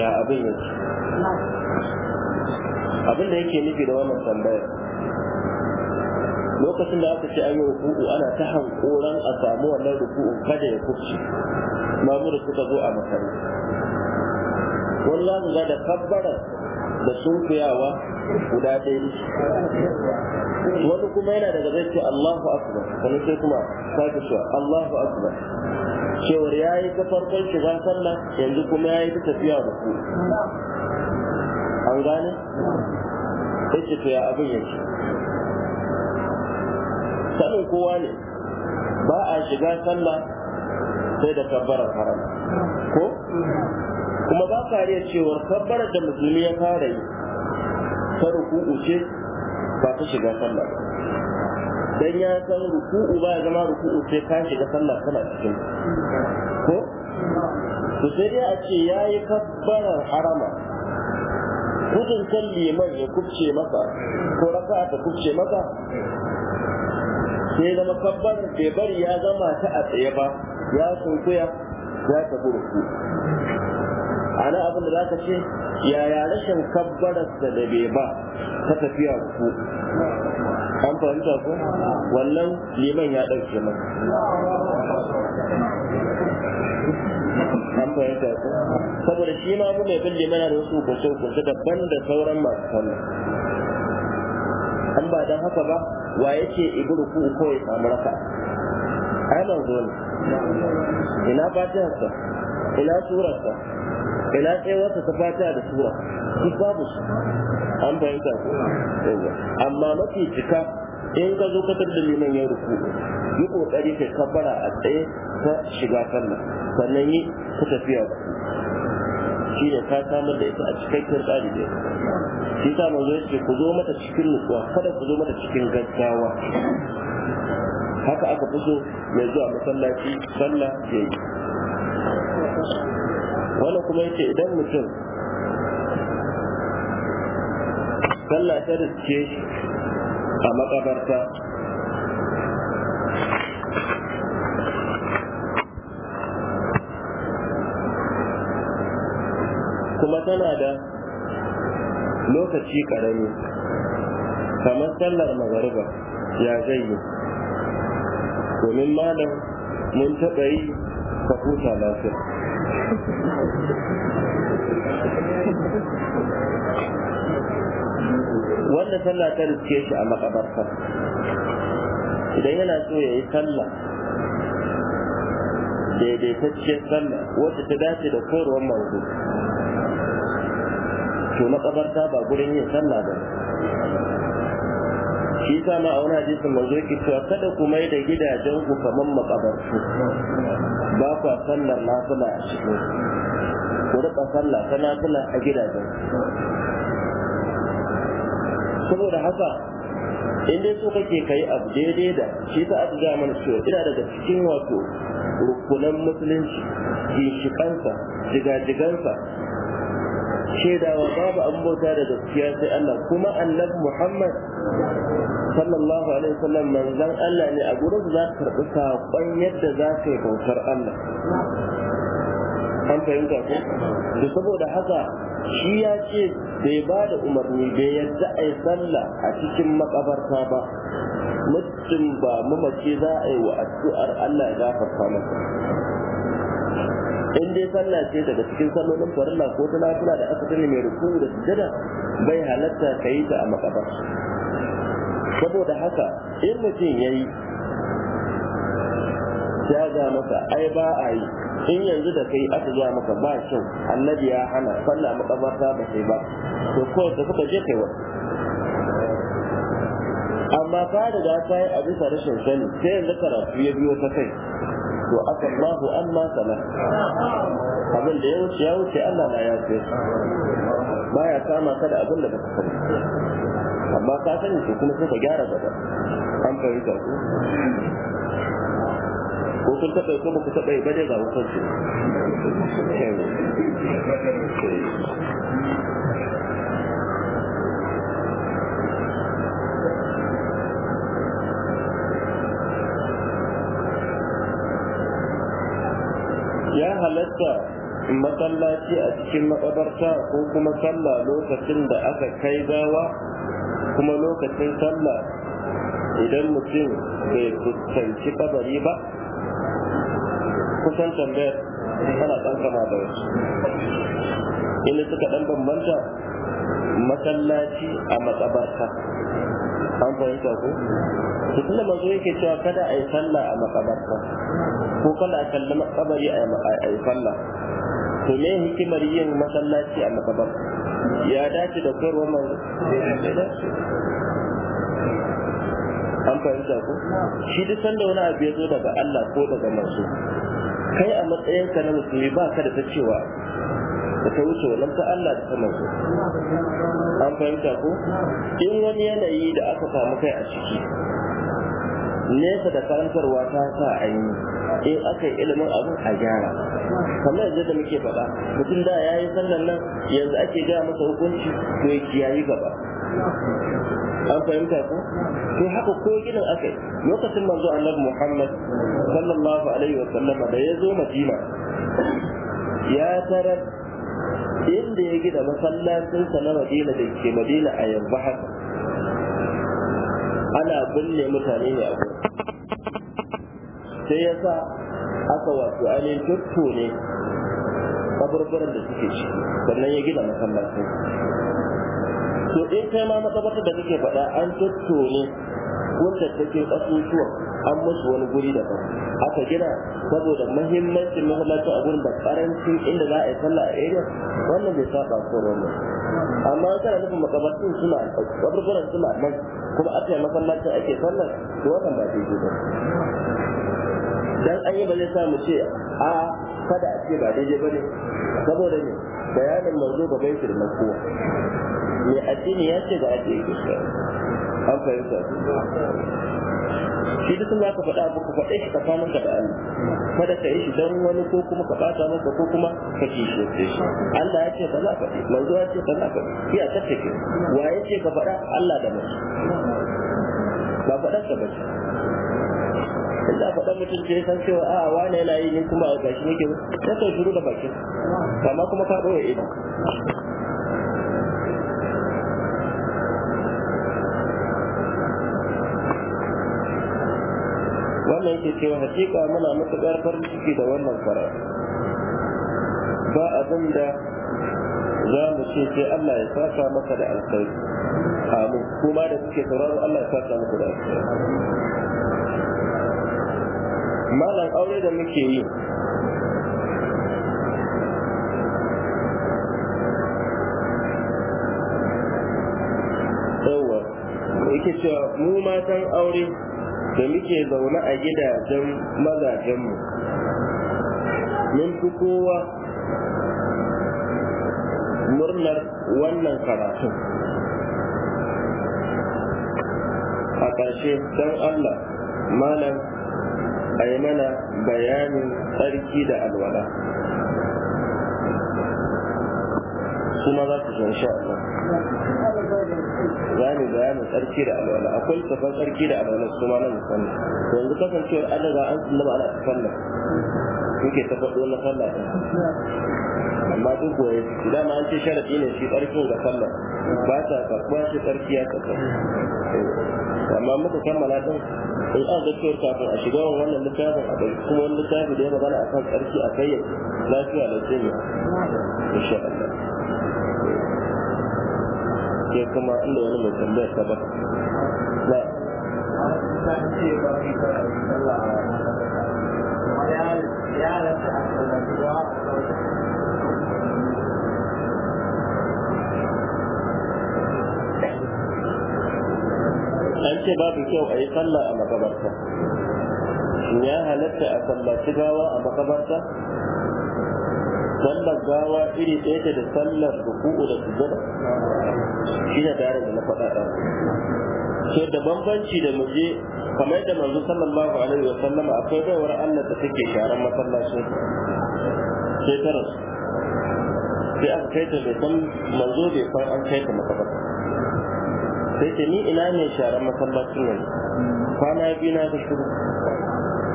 ya abin yake abin da yake nufi da wannan tambayar lokacin da aka ce an yi ruku'u ana ta hankoran a samu wannan ruku'u kada ya kufce mamuru suka zo a masarai wani za ga da kabbara da sunkuyawa guda ɗaya wani kuma yana daga zai ce Allahu akbar wani sai kuma sake cewa Allahu akbar cewar ya yi ta farkon shiga sallah yanzu kuma ya yi ta tafiya da ku an gane sai ce to ya abin yake sanin kowa ne ba a shiga sallah sai da kabbarar haram ko kuma ba ka iya cewar kabbara da musulmi ya fara yi ta ruku'u ce ba ta shiga sallah dan ya san ruku'u ba ya zama ruku'u ce ka shiga sallah kana cikin ko to sai dai a ce yayi kabbara harama kudin kan liman ya kubce masa ko raka ta kubce masa sai zama kabbarar bai bari ya zama ta a tsaye ba ya sunkuya ya tafi ruku'u ana abin da zaka ce yaya rashin kabbararsa da bai ba ta tafiya ku an fahimta ku? wannan liman ya ɗauke masa an fahimta ku. saboda shi ma mu mai bin liman yana da wasu kurce-kurce daban da sauran masu sallah an ba don haka ba wa yake ku ko kawai samu raka ai manzo ne ina fatihar ina surarsa ina tsayawarsa ta fata da su? Su babu su an fahimta ko amma mafi cika in ka zo katar da liman ya ruku yi kokari ka kabbara a tsaye ta shiga sallah sannan yi ku tafiya ku shi ne ka samar da ita a cikakken tsari ne shi sa manzo ya ce ku zo mata cikin nutsuwa kada ku zo mata cikin gaggawa haka aka fi so mai zuwa masallaci sallah ya yi wani kuma yace idan mutum sallah ta riske a makabarta kuma tana da lokaci karami kamar sallar magariba ya zai yi domin malam mun taɓa yi ka huta lafiya wanda sallah ta riske shi a makabarta idan yana so ya yi sallah daidaitacciyar sallah wacce ta dace da koruwan manzo to makabarta ba gurin yin sallah ba shi yasa ma a wani hadisin manzo yake cewa kada ku mai da gidajen ku kamar makabartu ba kwa sallar na. gidajen ku rika sallah ta a gidajen saboda haka in dai so kake kai abu daidai da shi ta abu da mana ina daga cikin wato rukunan musulunci ginshiƙansa jigajigansa shaidawa babu an bauta da gaskiya sai Allah kuma annabi Muhammad sallallahu alaihi wasallam manzon Allah ne a gurin za ka karɓi saɓon yadda za ka yi bautar Allah an fahimta ko da saboda haka shi ya ce bai ba da umarni bai yadda a yi sallah a cikin makabarta ba mutum ba mamace za a yi wa addu'ar Allah ya gafarta masa in dai sallah ce daga cikin sallolin farilla ko ta nafila da aka sani mai ruku da sujada bai halatta ka yi ta a makabar saboda haka in mutum ya yi ya ga masa ai ba a yi in yanzu da kai aka gaya maka ba kyau annabi ya hana sallah makabarta ba sai ba to ko da kuka je kai wa amma ka da ga yi a bisa rashin sani sai yanzu karatu ya biyo ta kai to aka Allahu amma sala abin da ya wuce ya wuce Allah na ya ce baya kama ka da abin da baka sani amma ka sani to kuma sai ka gyara gaba an fahimta ku ko sun taɓa ko ba taɓa yi ga wutar su ya halatta masallaci a cikin makabarta ko kuma sallah lokacin da aka kai gawa kuma lokacin sallah idan mutum bai kusanci kabari ba kusan tambayar tana ɗan kama da wasu inda suka ɗan bambanta masallaci a matsabarta an fahimta ko su tunda mazo yake cewa kada a yi sallah a matsabarta ko kada a kalli matsabari a yi sallah to me hikimar yin masallaci a matsabarta ya dace da koyarwar mazo an fahimta ko shi duk sanda wani abu ya zo daga Allah ko daga masu. kai a matsayinka na musulmi ba ka da ta cewa da ta wuce wannan ta Allah da sanar ku an fahimta ko in wani yanayi da aka samu kai a ciki nesa da karantarwa ta sa an yi in aka yi ilimin abin a gyara kamar yanzu da muke faɗa mutum da ya yi sallan nan yanzu ake gaya masa hukunci to ya gaba an fahimta ko to haka ko gidan aka lokacin manzo annabi muhammad sallallahu alaihi wa sallama da ya zo madina ya tarar inda ya gida masallacinsa na madina da ke madina a yanzu haka ana binne mutane ne a sai ya sa aka wato ainihin tuttune ne kaburburan da suke ci sannan ya gina masallacin to in kai ma makabartar da kake faɗa an tattone wanda take ƙasusuwa an musu wani guri daban aka gina saboda muhimmancin masallaci a gurin da ƙarancin inda za a yi sallah a area wannan bai saba ko ne amma kana nufin makabartun suna kaburburan suna nan kuma aka yi masallacin ake sallar to wannan ba daidai ba dan an yi ba zai sa mu ce a kada a ce ba daidai ba ne saboda ne bayanin manzo ba bai shirma kowa mai addini ya ce ga addini ke shi an fahimta shi duk za ka faɗa abu ka faɗe shi tsakanin ka da Allah kada ka yi shi don wani ko kuma ka ɓata masa ko kuma ka ci shi shi Allah ya ce ka za faɗi manzo ya ce ka za faɗi iya tattake wa ya ce ka faɗa Allah da mace ba faɗar ka bace inda faɗa mutum ce san cewa a wane yana yi ne kuma a gashi nake sai ka shiru da bakin amma kuma ka ɗora idan. wannan ke cewa hakika muna matuƙar farin ciki da wannan fara. ba abin da za mu ce sai Allah ya saka maka da alkai amin kuma da suke sauraro Allah ya saka maka da alkai malam aure da muke yi yake cewa mu matan aure da muke zaune a gidajen mazajenmu mun fi kowa murnar wannan karatun a ƙarshe don allah malam a yi mana bayanin tsarki da alwala kuma za su sha Allah bayanin tsarki da alwala akwai tafan tsarki da alwala kuma nan musamman yanzu kasancewar an riga an sallama ana tafalla kuke ta faɗo na sallah ɗin amma duk goye dama an ce sharaɗi ne shi tsarkin ga sallah ba ta karɓuwa shi tsarki ya tsaka amma muka kammala ɗin in an ga cewar kafin a shiga wa wannan littafin a ɗauki kuma wani littafi da ya magana a kan tsarki a kai lafiya da tsinya insha ya kuma inda wani mai tambaya ta ba na an ce babu kyau a yi sallah a makabarta ya halatta a sallaci gawa a makabarta sallar gawa iri ɗaya ce da sallar ruku'u da sujada shi ne tare da na faɗa ɗan da bambanci da muje kamar yadda manzo sallallahu alaihi wa sallam akwai baiwar Allah da take sharan masallacin sai ta rasu sai an kai ta da san manzo bai san an kai ta ba sai ta ni ina ne sharan masallacin nan kwana biyu na ta shiru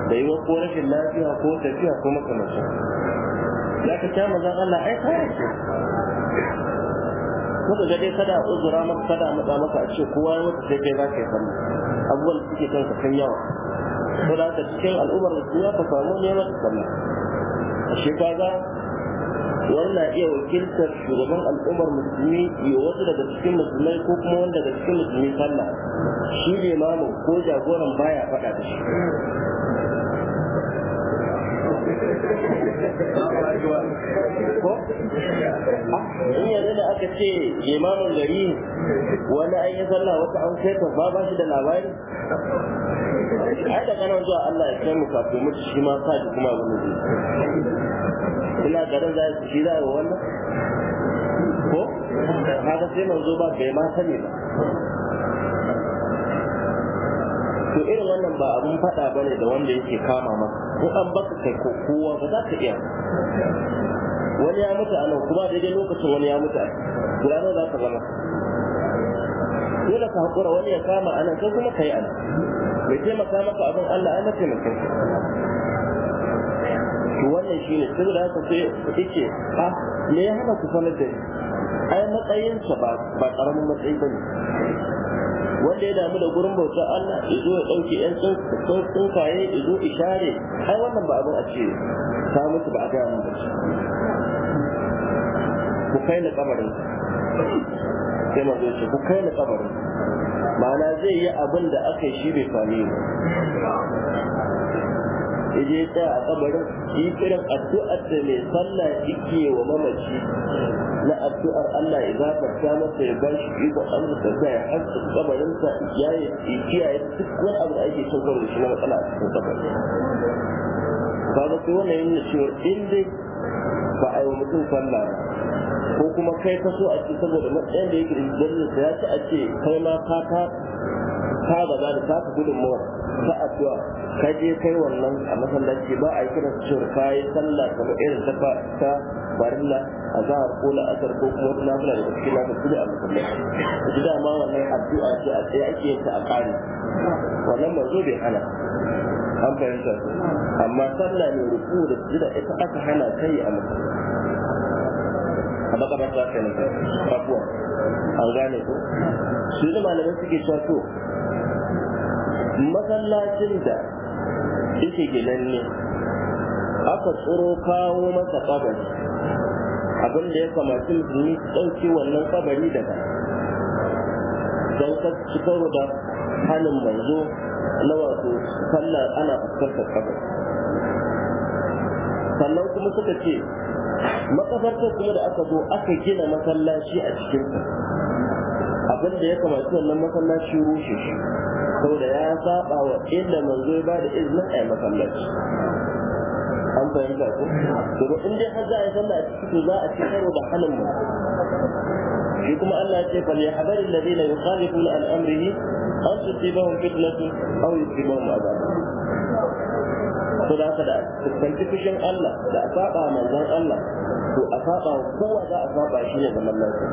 da yiwa ko rashin lafiya ko tafiya ko makamashi za ka kya manzon Allah ai kare ce ga dai kada uzura maka kada matsa maka a ce kowa ya mutu sai kai za ka yi sallah abubuwan da suke kanka sun yawa saboda haka cikin al'ummar musulmiya ka samu neman sallah ashe kaga wannan iya wakiltar shugaban al'ummar musulmi ya wasu daga cikin musulmai ko kuma wanda daga cikin musulmi sallah shi ne mamu ko jagoran baya faɗa da shi ko ah, in yanzu da aka ce limamin gari wani an yi sallah wata an sai ta ba shi da labari ai da kanan zuwa Allah ya kai mu kafin mu shi ma sa ji kuma abin da ina garin za su shi za a wannan ko haka sai manzo ba bai ma sani ba to irin wannan ba abun faɗa bane da wanda yake kama maka ko an baka kai ko kowa ba za ka iya wani ya mutu a nan kuma daidai lokacin wani ya mutu a nan za ka zama dole ka haƙura wani ya kama a nan sai kuma ka yi a nan bai taimaka maka abin Allah an taimaka to wannan shi ne saboda haka sai yake ah me ya hana ku sanar da ai matsayinsa ba ƙaramin matsayi ba ne wanda ya damu da gurin bauta Allah ya zo ya ɗauke yan tsuntsaye ya zo ishare ai wannan ba abin a ce ta mutu ba a gaya mun ba ku kai na kabarin sai mazo ce ku kai na kabarin ma'ana zai yi abin da aka yi shi bai sami ba ya je ya a kabarin ikirin addu'ar da mai sallah yake wa mamaci na addu'ar Allah ya gafarta masa ya ba shi iko amsa da sai har su kabarin sa ya yi kiyaye ya wani abu da ake son karo shi na matsala a cikin kabarin kaga sai wannan yana cewa in dai ba a yi wa mutum sallah ko kuma kai ka so a ce saboda matsayin da yake da ya ci a ce kai ma ka ka da za ta ka gudunmuwar ta addu'a ka je kai wannan a masallaci ba a yi kira su kayi sallah kamar irin ta ta barilla a a kula a ko kuma wata nafila da cikin nafila su da a masallaci da ma wannan addu'a ce a tsaye ake yin ta a ƙari wannan zo bai hana an fahimta amma sallah ne rufu da su sujida ita aka hana kai a masallaci a na kenan abuwa an gane ko su da malamai suke cewa to masallacin da yake ne aka tsoro kawo masa kabari abin da ya kamata su yi ɗauki wannan kabari daga don ci karo da hannun manzo na wato kalla ana fuskantar kabari sannan kuma suka ce makasarta kuma da aka zo aka gina masallaci a cikin abin da ya kamata wannan masallaci rushe shi saboda ya saba wa inda manzo ya bada izinin a yi masallaci an fahimta ko to in dai har za a yi sallah a ciki to za a ci karo da halin mu shi kuma Allah ya ce fal yahdhar alladhina yukhalifuna an amrihi an tusibahum fitnatun aw yusibahum adab to da haka da fuskanci fushin Allah da a saba manzon Allah to a saba kowa za a saba shi ne zaman lafiya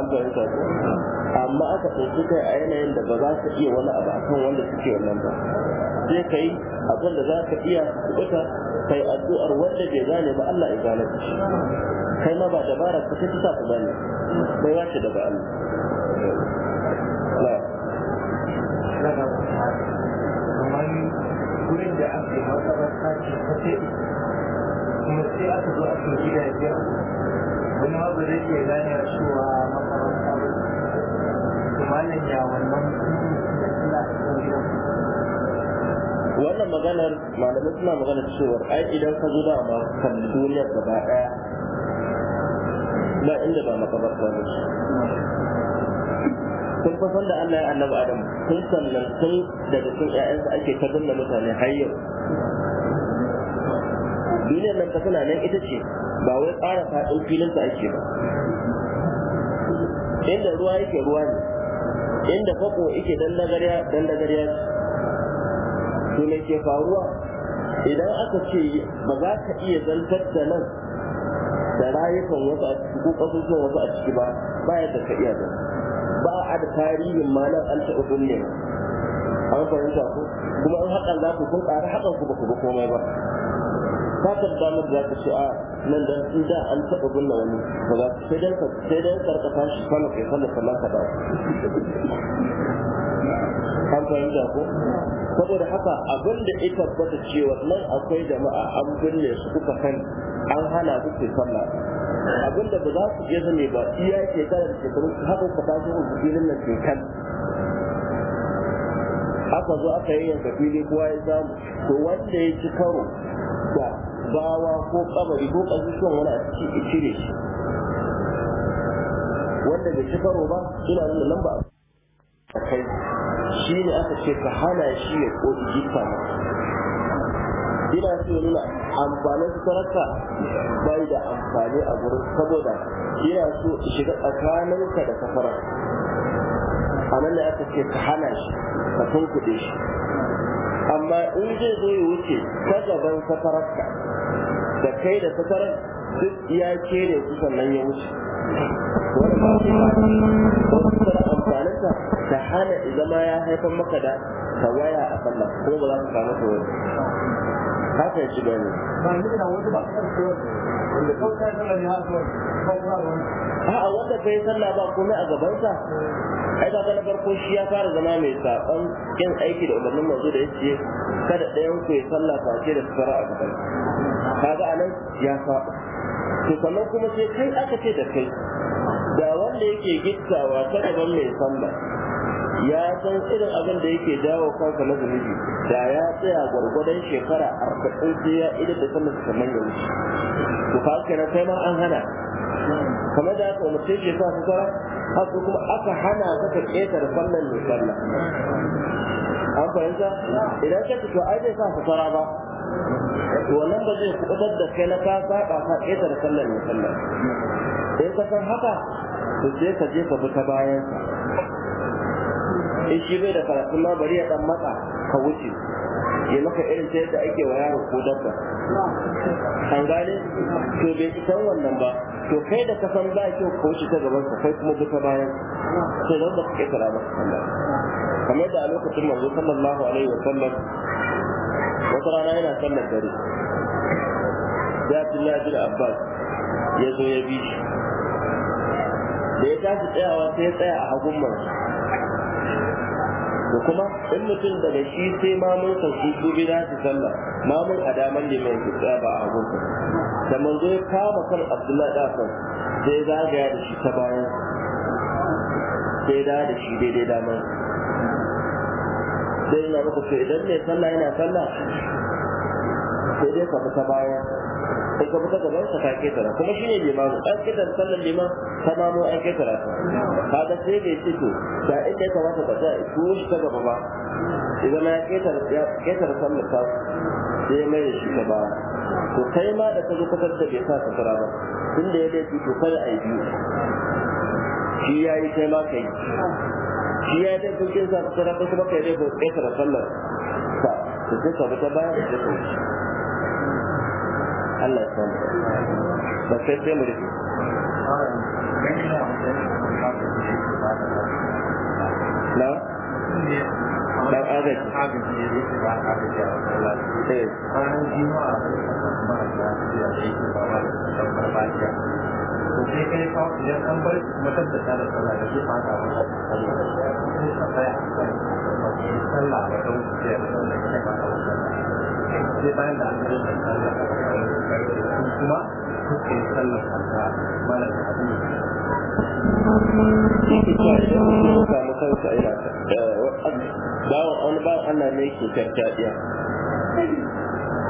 an fahimta ko amma aka tsinci kai a yanayin da ba za ka iya wani abu akan wanda suke wannan ba sai ka yi abin da za ka iya kubuta kai addu'ar wanda bai gane ba Allah ya gane shi kai ma ba dabara ka ta sa ku gane bai shi daga Allah kamar gurin da ake makabarta ce ta ce kuma sai aka zo a cikin gidajen wani ma ba zai iya gane cewa makabarta ba sanya wannan wannan maganar malamai suna maganar cewa ai idan ka zo da ma kan duniyar gaba daya ba inda ba makabarta ba sun fasan da Allah ya annabi Adam sun sannan sun daga sun ƴaƴansa ake ta binne mutane har yau duniyar nan ta tana nan ita ce ba wai ƙara faɗin filinsa ake ba inda ruwa yake ruwa ne inda fako yake dan dagarya dan dagarya ke faruwa idan aka ce ba za ka iya zantar da nan da rayukan wasu a ciki ko kasusuwan wasu a ciki ba ba yadda ka iya zan ba a da tarihin ma nan an taɓa kunne an fahimta ko kuma an haƙa za ku kun ƙara haƙan ku ba ku ba komai ba Kafin damar za ka ce a nan da in da an taɓa gulla wani ba za sai dan ka sai dan karkata shi sama kai sama sallah ka dawo an fahimta ko saboda haka abin da ita tabbata cewa nan akwai jama'a an gulle su kuka kan an hana su ke sallah abin da ba za su iya zane ba iya ke shekara da shekaru haka ka tashi su filin nan ke kan aka zo aka yi yanka fili kowa ya samu to wanda ya ci karo da gawa ko kabari ko ƙasusuwan wani a ciki cire shi wanda bai ci karo ba ina nuna lamba a kai shi ne aka ce ka hana shi ya ƙoƙi jita. ina so nuna amfanin sarrafa bai da amfani a gurin saboda ina so shiga tsakaninka da kafara a nan da aka ce ka hana shi ka tunkuɗe shi amma in zai zo ya wuce ta gaban safararka da kai da sakaran duk ya kere su sannan ya wuce wani da amfaninsa ta hana zama ya haifar maka da tawaya a sallah ko ba za ka samu tawaya ka ta ci gani a wanda kai sallah ba komai a gabansa ai ba na farko shi ya fara zama mai saban yin aiki da umarnin manzo da yake kada ɗayan ku ya sallah face da sara a gaban kaga anan ya saba to sannan kuma sai kai aka ce da kai da wanda yake gittawa ta gaban mai sallah ya san irin abin da yake dawo kansa na zunubi da ya tsaya gwargwadon shekara arba'in sai ya idan da su kamar yau wuce fasike na kai ma an hana kamar da aka umarce shi sa su tara haka kuma aka hana saka ƙetare sallar mai sallah an fahimta idan ka fito ai bai sa su tara ba wannan ba zai kubutar da kai na ka saba ka ƙetare sallar mai sallah sai ka san haka to sai ka je ka bi ta bayansa in eh, shi bai da karatun ma bari ya dan matsa ka wuce ya maka irin ta yadda ake wa yaro ko dabba an gane to bai san wannan ba to kai da ka san za kyau ka wuce ta gaban ka kai kuma duka bayan sai da wanda kake kira maka sallah kamar da a lokacin manzo sallallahu alaihi wa sallam wata rana yana sallar dare sai Abdullahi bin Abbas ya zo ya bi shi da ya tashi tsayawa sai ya tsaya a hagun manzo da kuma in mutum daga shi sai mamun sa shi gobe za su salla mamun a daman da mai kusa ba a gunsa da manzo ya kama kan abdullahi dafan sai zagaya da shi ta bayan sai da da shi daidai daman sai yana maka to idan mai salla yana salla, sai dai ka ta bayan sai ka fita gaban sa ka ketara kuma shine limamu an kitar sallan ka ma mu an ketara kaga sai bai ce to da inda ya kamata ka tsaya ko shi ta gaba ba idan ya ketara ya ketara sallar ta sai mai shi ta ba to kai ma da ka zo ka da bai sa tara ba da ya dai to kada ai biyu shi yayi kai ma kai shi ya dai kun kin sa tara, ko kuma kai dai ko ketara sallar ta to sai ka fita ba da kai Allah ya samu ba sai sai mu rufe na dan agaji ka yi kuma suke sallar kanta mana da abu samu kansa ina eh, bawon wani bawon ana ne ke tarjaɗiya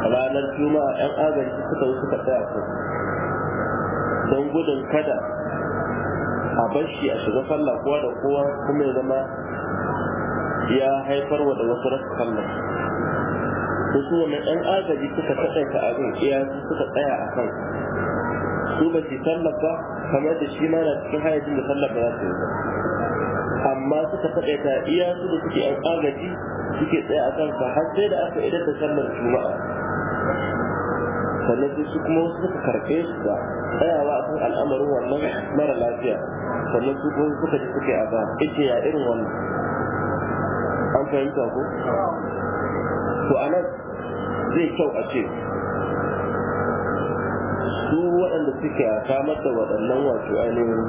a ranar juma'a yan agaji suka wuce ka tsaya ko don gudun kada a bashi a shiga sallah kowa da kowa kuma ya zama ya haifar wa da wasu rasa sallah Wasu su wannan ɗan agaji suka taɗaita abin iya suka tsaya a kan su ba su sallar ba kamar da shi ma na cikin hayajin da sallar ba za su yi ba amma suka taɗaita iya su da suke ɗan agaji suke tsaya a kansa har sai da aka idar da sallar juma'a sannan sai su kuma wasu suka karɓe su ba tsayawa a kan al'amarin wannan mara lafiya sannan su kuma suka ji suke a ba ita ya irin wannan an fahimta ko to a nan zai kyau a ce su waɗanda suke a samar da waɗannan wato ainihin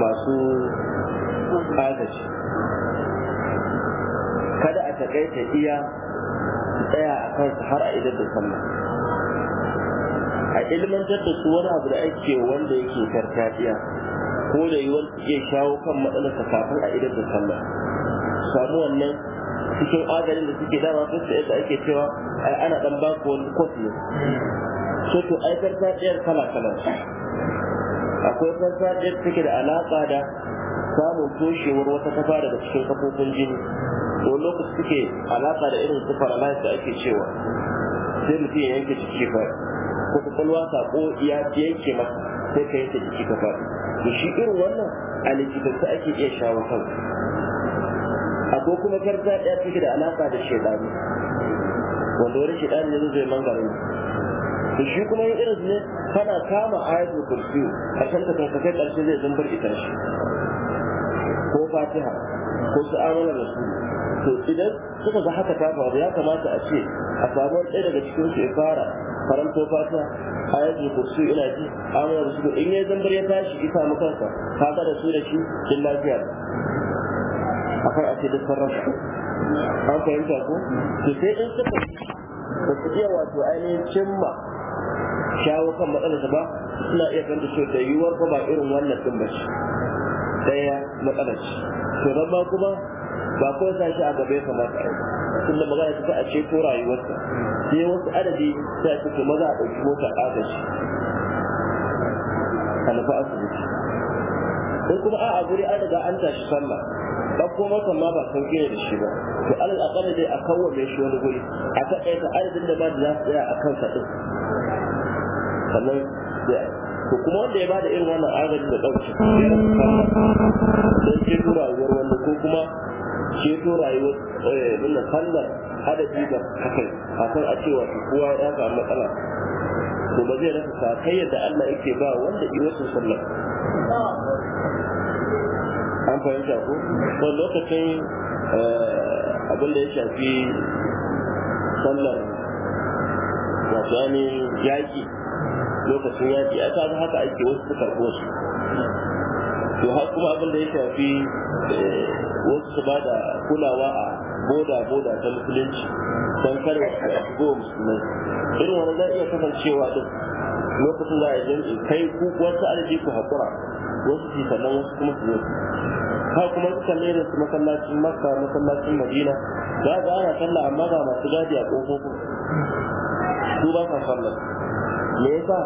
masu agaji kada a taƙaita iya tsaya a kansu har a idar da sallah a ilmantar da su wani abu da ake wanda yake tarkaɗiya ko da yi su iya shawo kan matsalarsa kafin a idar da sallah samu wannan cikin adalin da suke dama sun da yadda ake cewa ai ana dan ba ku wani kwas ne so to ai farfajiyar kala kala akwai farfajiyar take da alaƙa da samun toshewar wata kafa daga cikin kafofin jini to lokacin suke alaƙa da irin su paralyze da ake cewa sai mutum ya yanke jiki fa ko kwakwalwa sako ya yanke masa sai ka yanke jiki ka fa to shi irin wannan a likitansu ake iya shawo kansu akwai kuma ɗaya take da alaƙa da shaidani wanda wani shaidani ne zai mangare to shi kuma yin irin ne kana kama ayatul kursi karshen ta kanka kai karshe zai zumbar ita shi ko fatiha ko su amalar su to idan suka ga haka ta faru ya kamata a ce a samu ɗaya daga cikin su ya fara karanto fatiha ayatul kursi ina ji amalar su in ya zambar ya tashi ita mu kansa kaga da su da shi din lafiya akan a ce duk sarrafa an fahimta ko to sai in suka ba su iya wato ainihin cimma shawo kan matsalarsa ba suna iya ganta cewa da yiwuwar ba irin wannan din ba ce daya matsalar ce to nan ma kuma ba kawai sa shi a gaba ya kamata a yi tunda magana ta a ceto rayuwarsa sai wasu adadi ta ce maza a ɗauki mota agaji a nufa asibiti in kuma a a guri an riga an tashi sallah ɗauko maka ma ba sauƙi ne da shi ba to alal aƙalla dai a kawo mai shi wani guri a taƙaita adadin da ba da za su tsaya a kansa ɗin sannan to kuma wanda ya bada irin wannan agaji da ɗauki don ceto rayuwar wanda ko kuma ceto rayuwar eh, nuna sallar adadi da kakai kafin a cewa kowa ya ga matsala to ba zai rasa sakayyar da Allah yake ba wanda iwasin sallar an fahimta ko wani lokacin eh, abin da ya shafi sallar wato yani yaƙi lokacin yaƙi a ta haka ake wasu su karɓo su to har kuma abin da ya shafi eh, wasu su ba da kulawa a boda boda ta musulunci don kar a shigo musulmai irin wani za a iya kasancewa duk lokacin za a yi kai ku wasu arziki ku haƙura wasu ji sannan wasu kuma su wasu ha kuma su kalle su masallacin makka masallacin madina za ga ana sallah amma ga masu gadi a ƙofofin su ba sa sallah me yasa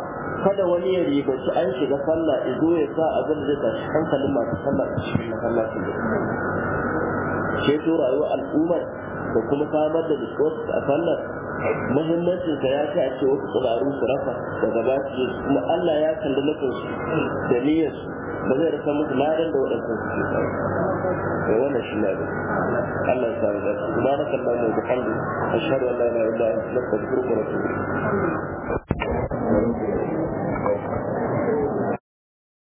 kada wani ya ribaci an shiga sallah zo ya sa abin da zai hankalin masu sallah a cikin masallacin da ceto rayuwar al'ummar da kuma samar da wasu a sallar muhimmancin ka ya ce a ce wasu tsiraru su rafa, daga ba su kuma Allah ya kalli nufin su da niyyar su ba zai rasa musu ladan da waɗansu suke samu da wannan shi ne Allah ya samu gasu subhanaka allahumma wa bihamdika ashhadu an la ilaha da anta astaghfiruka wa atubu ilayk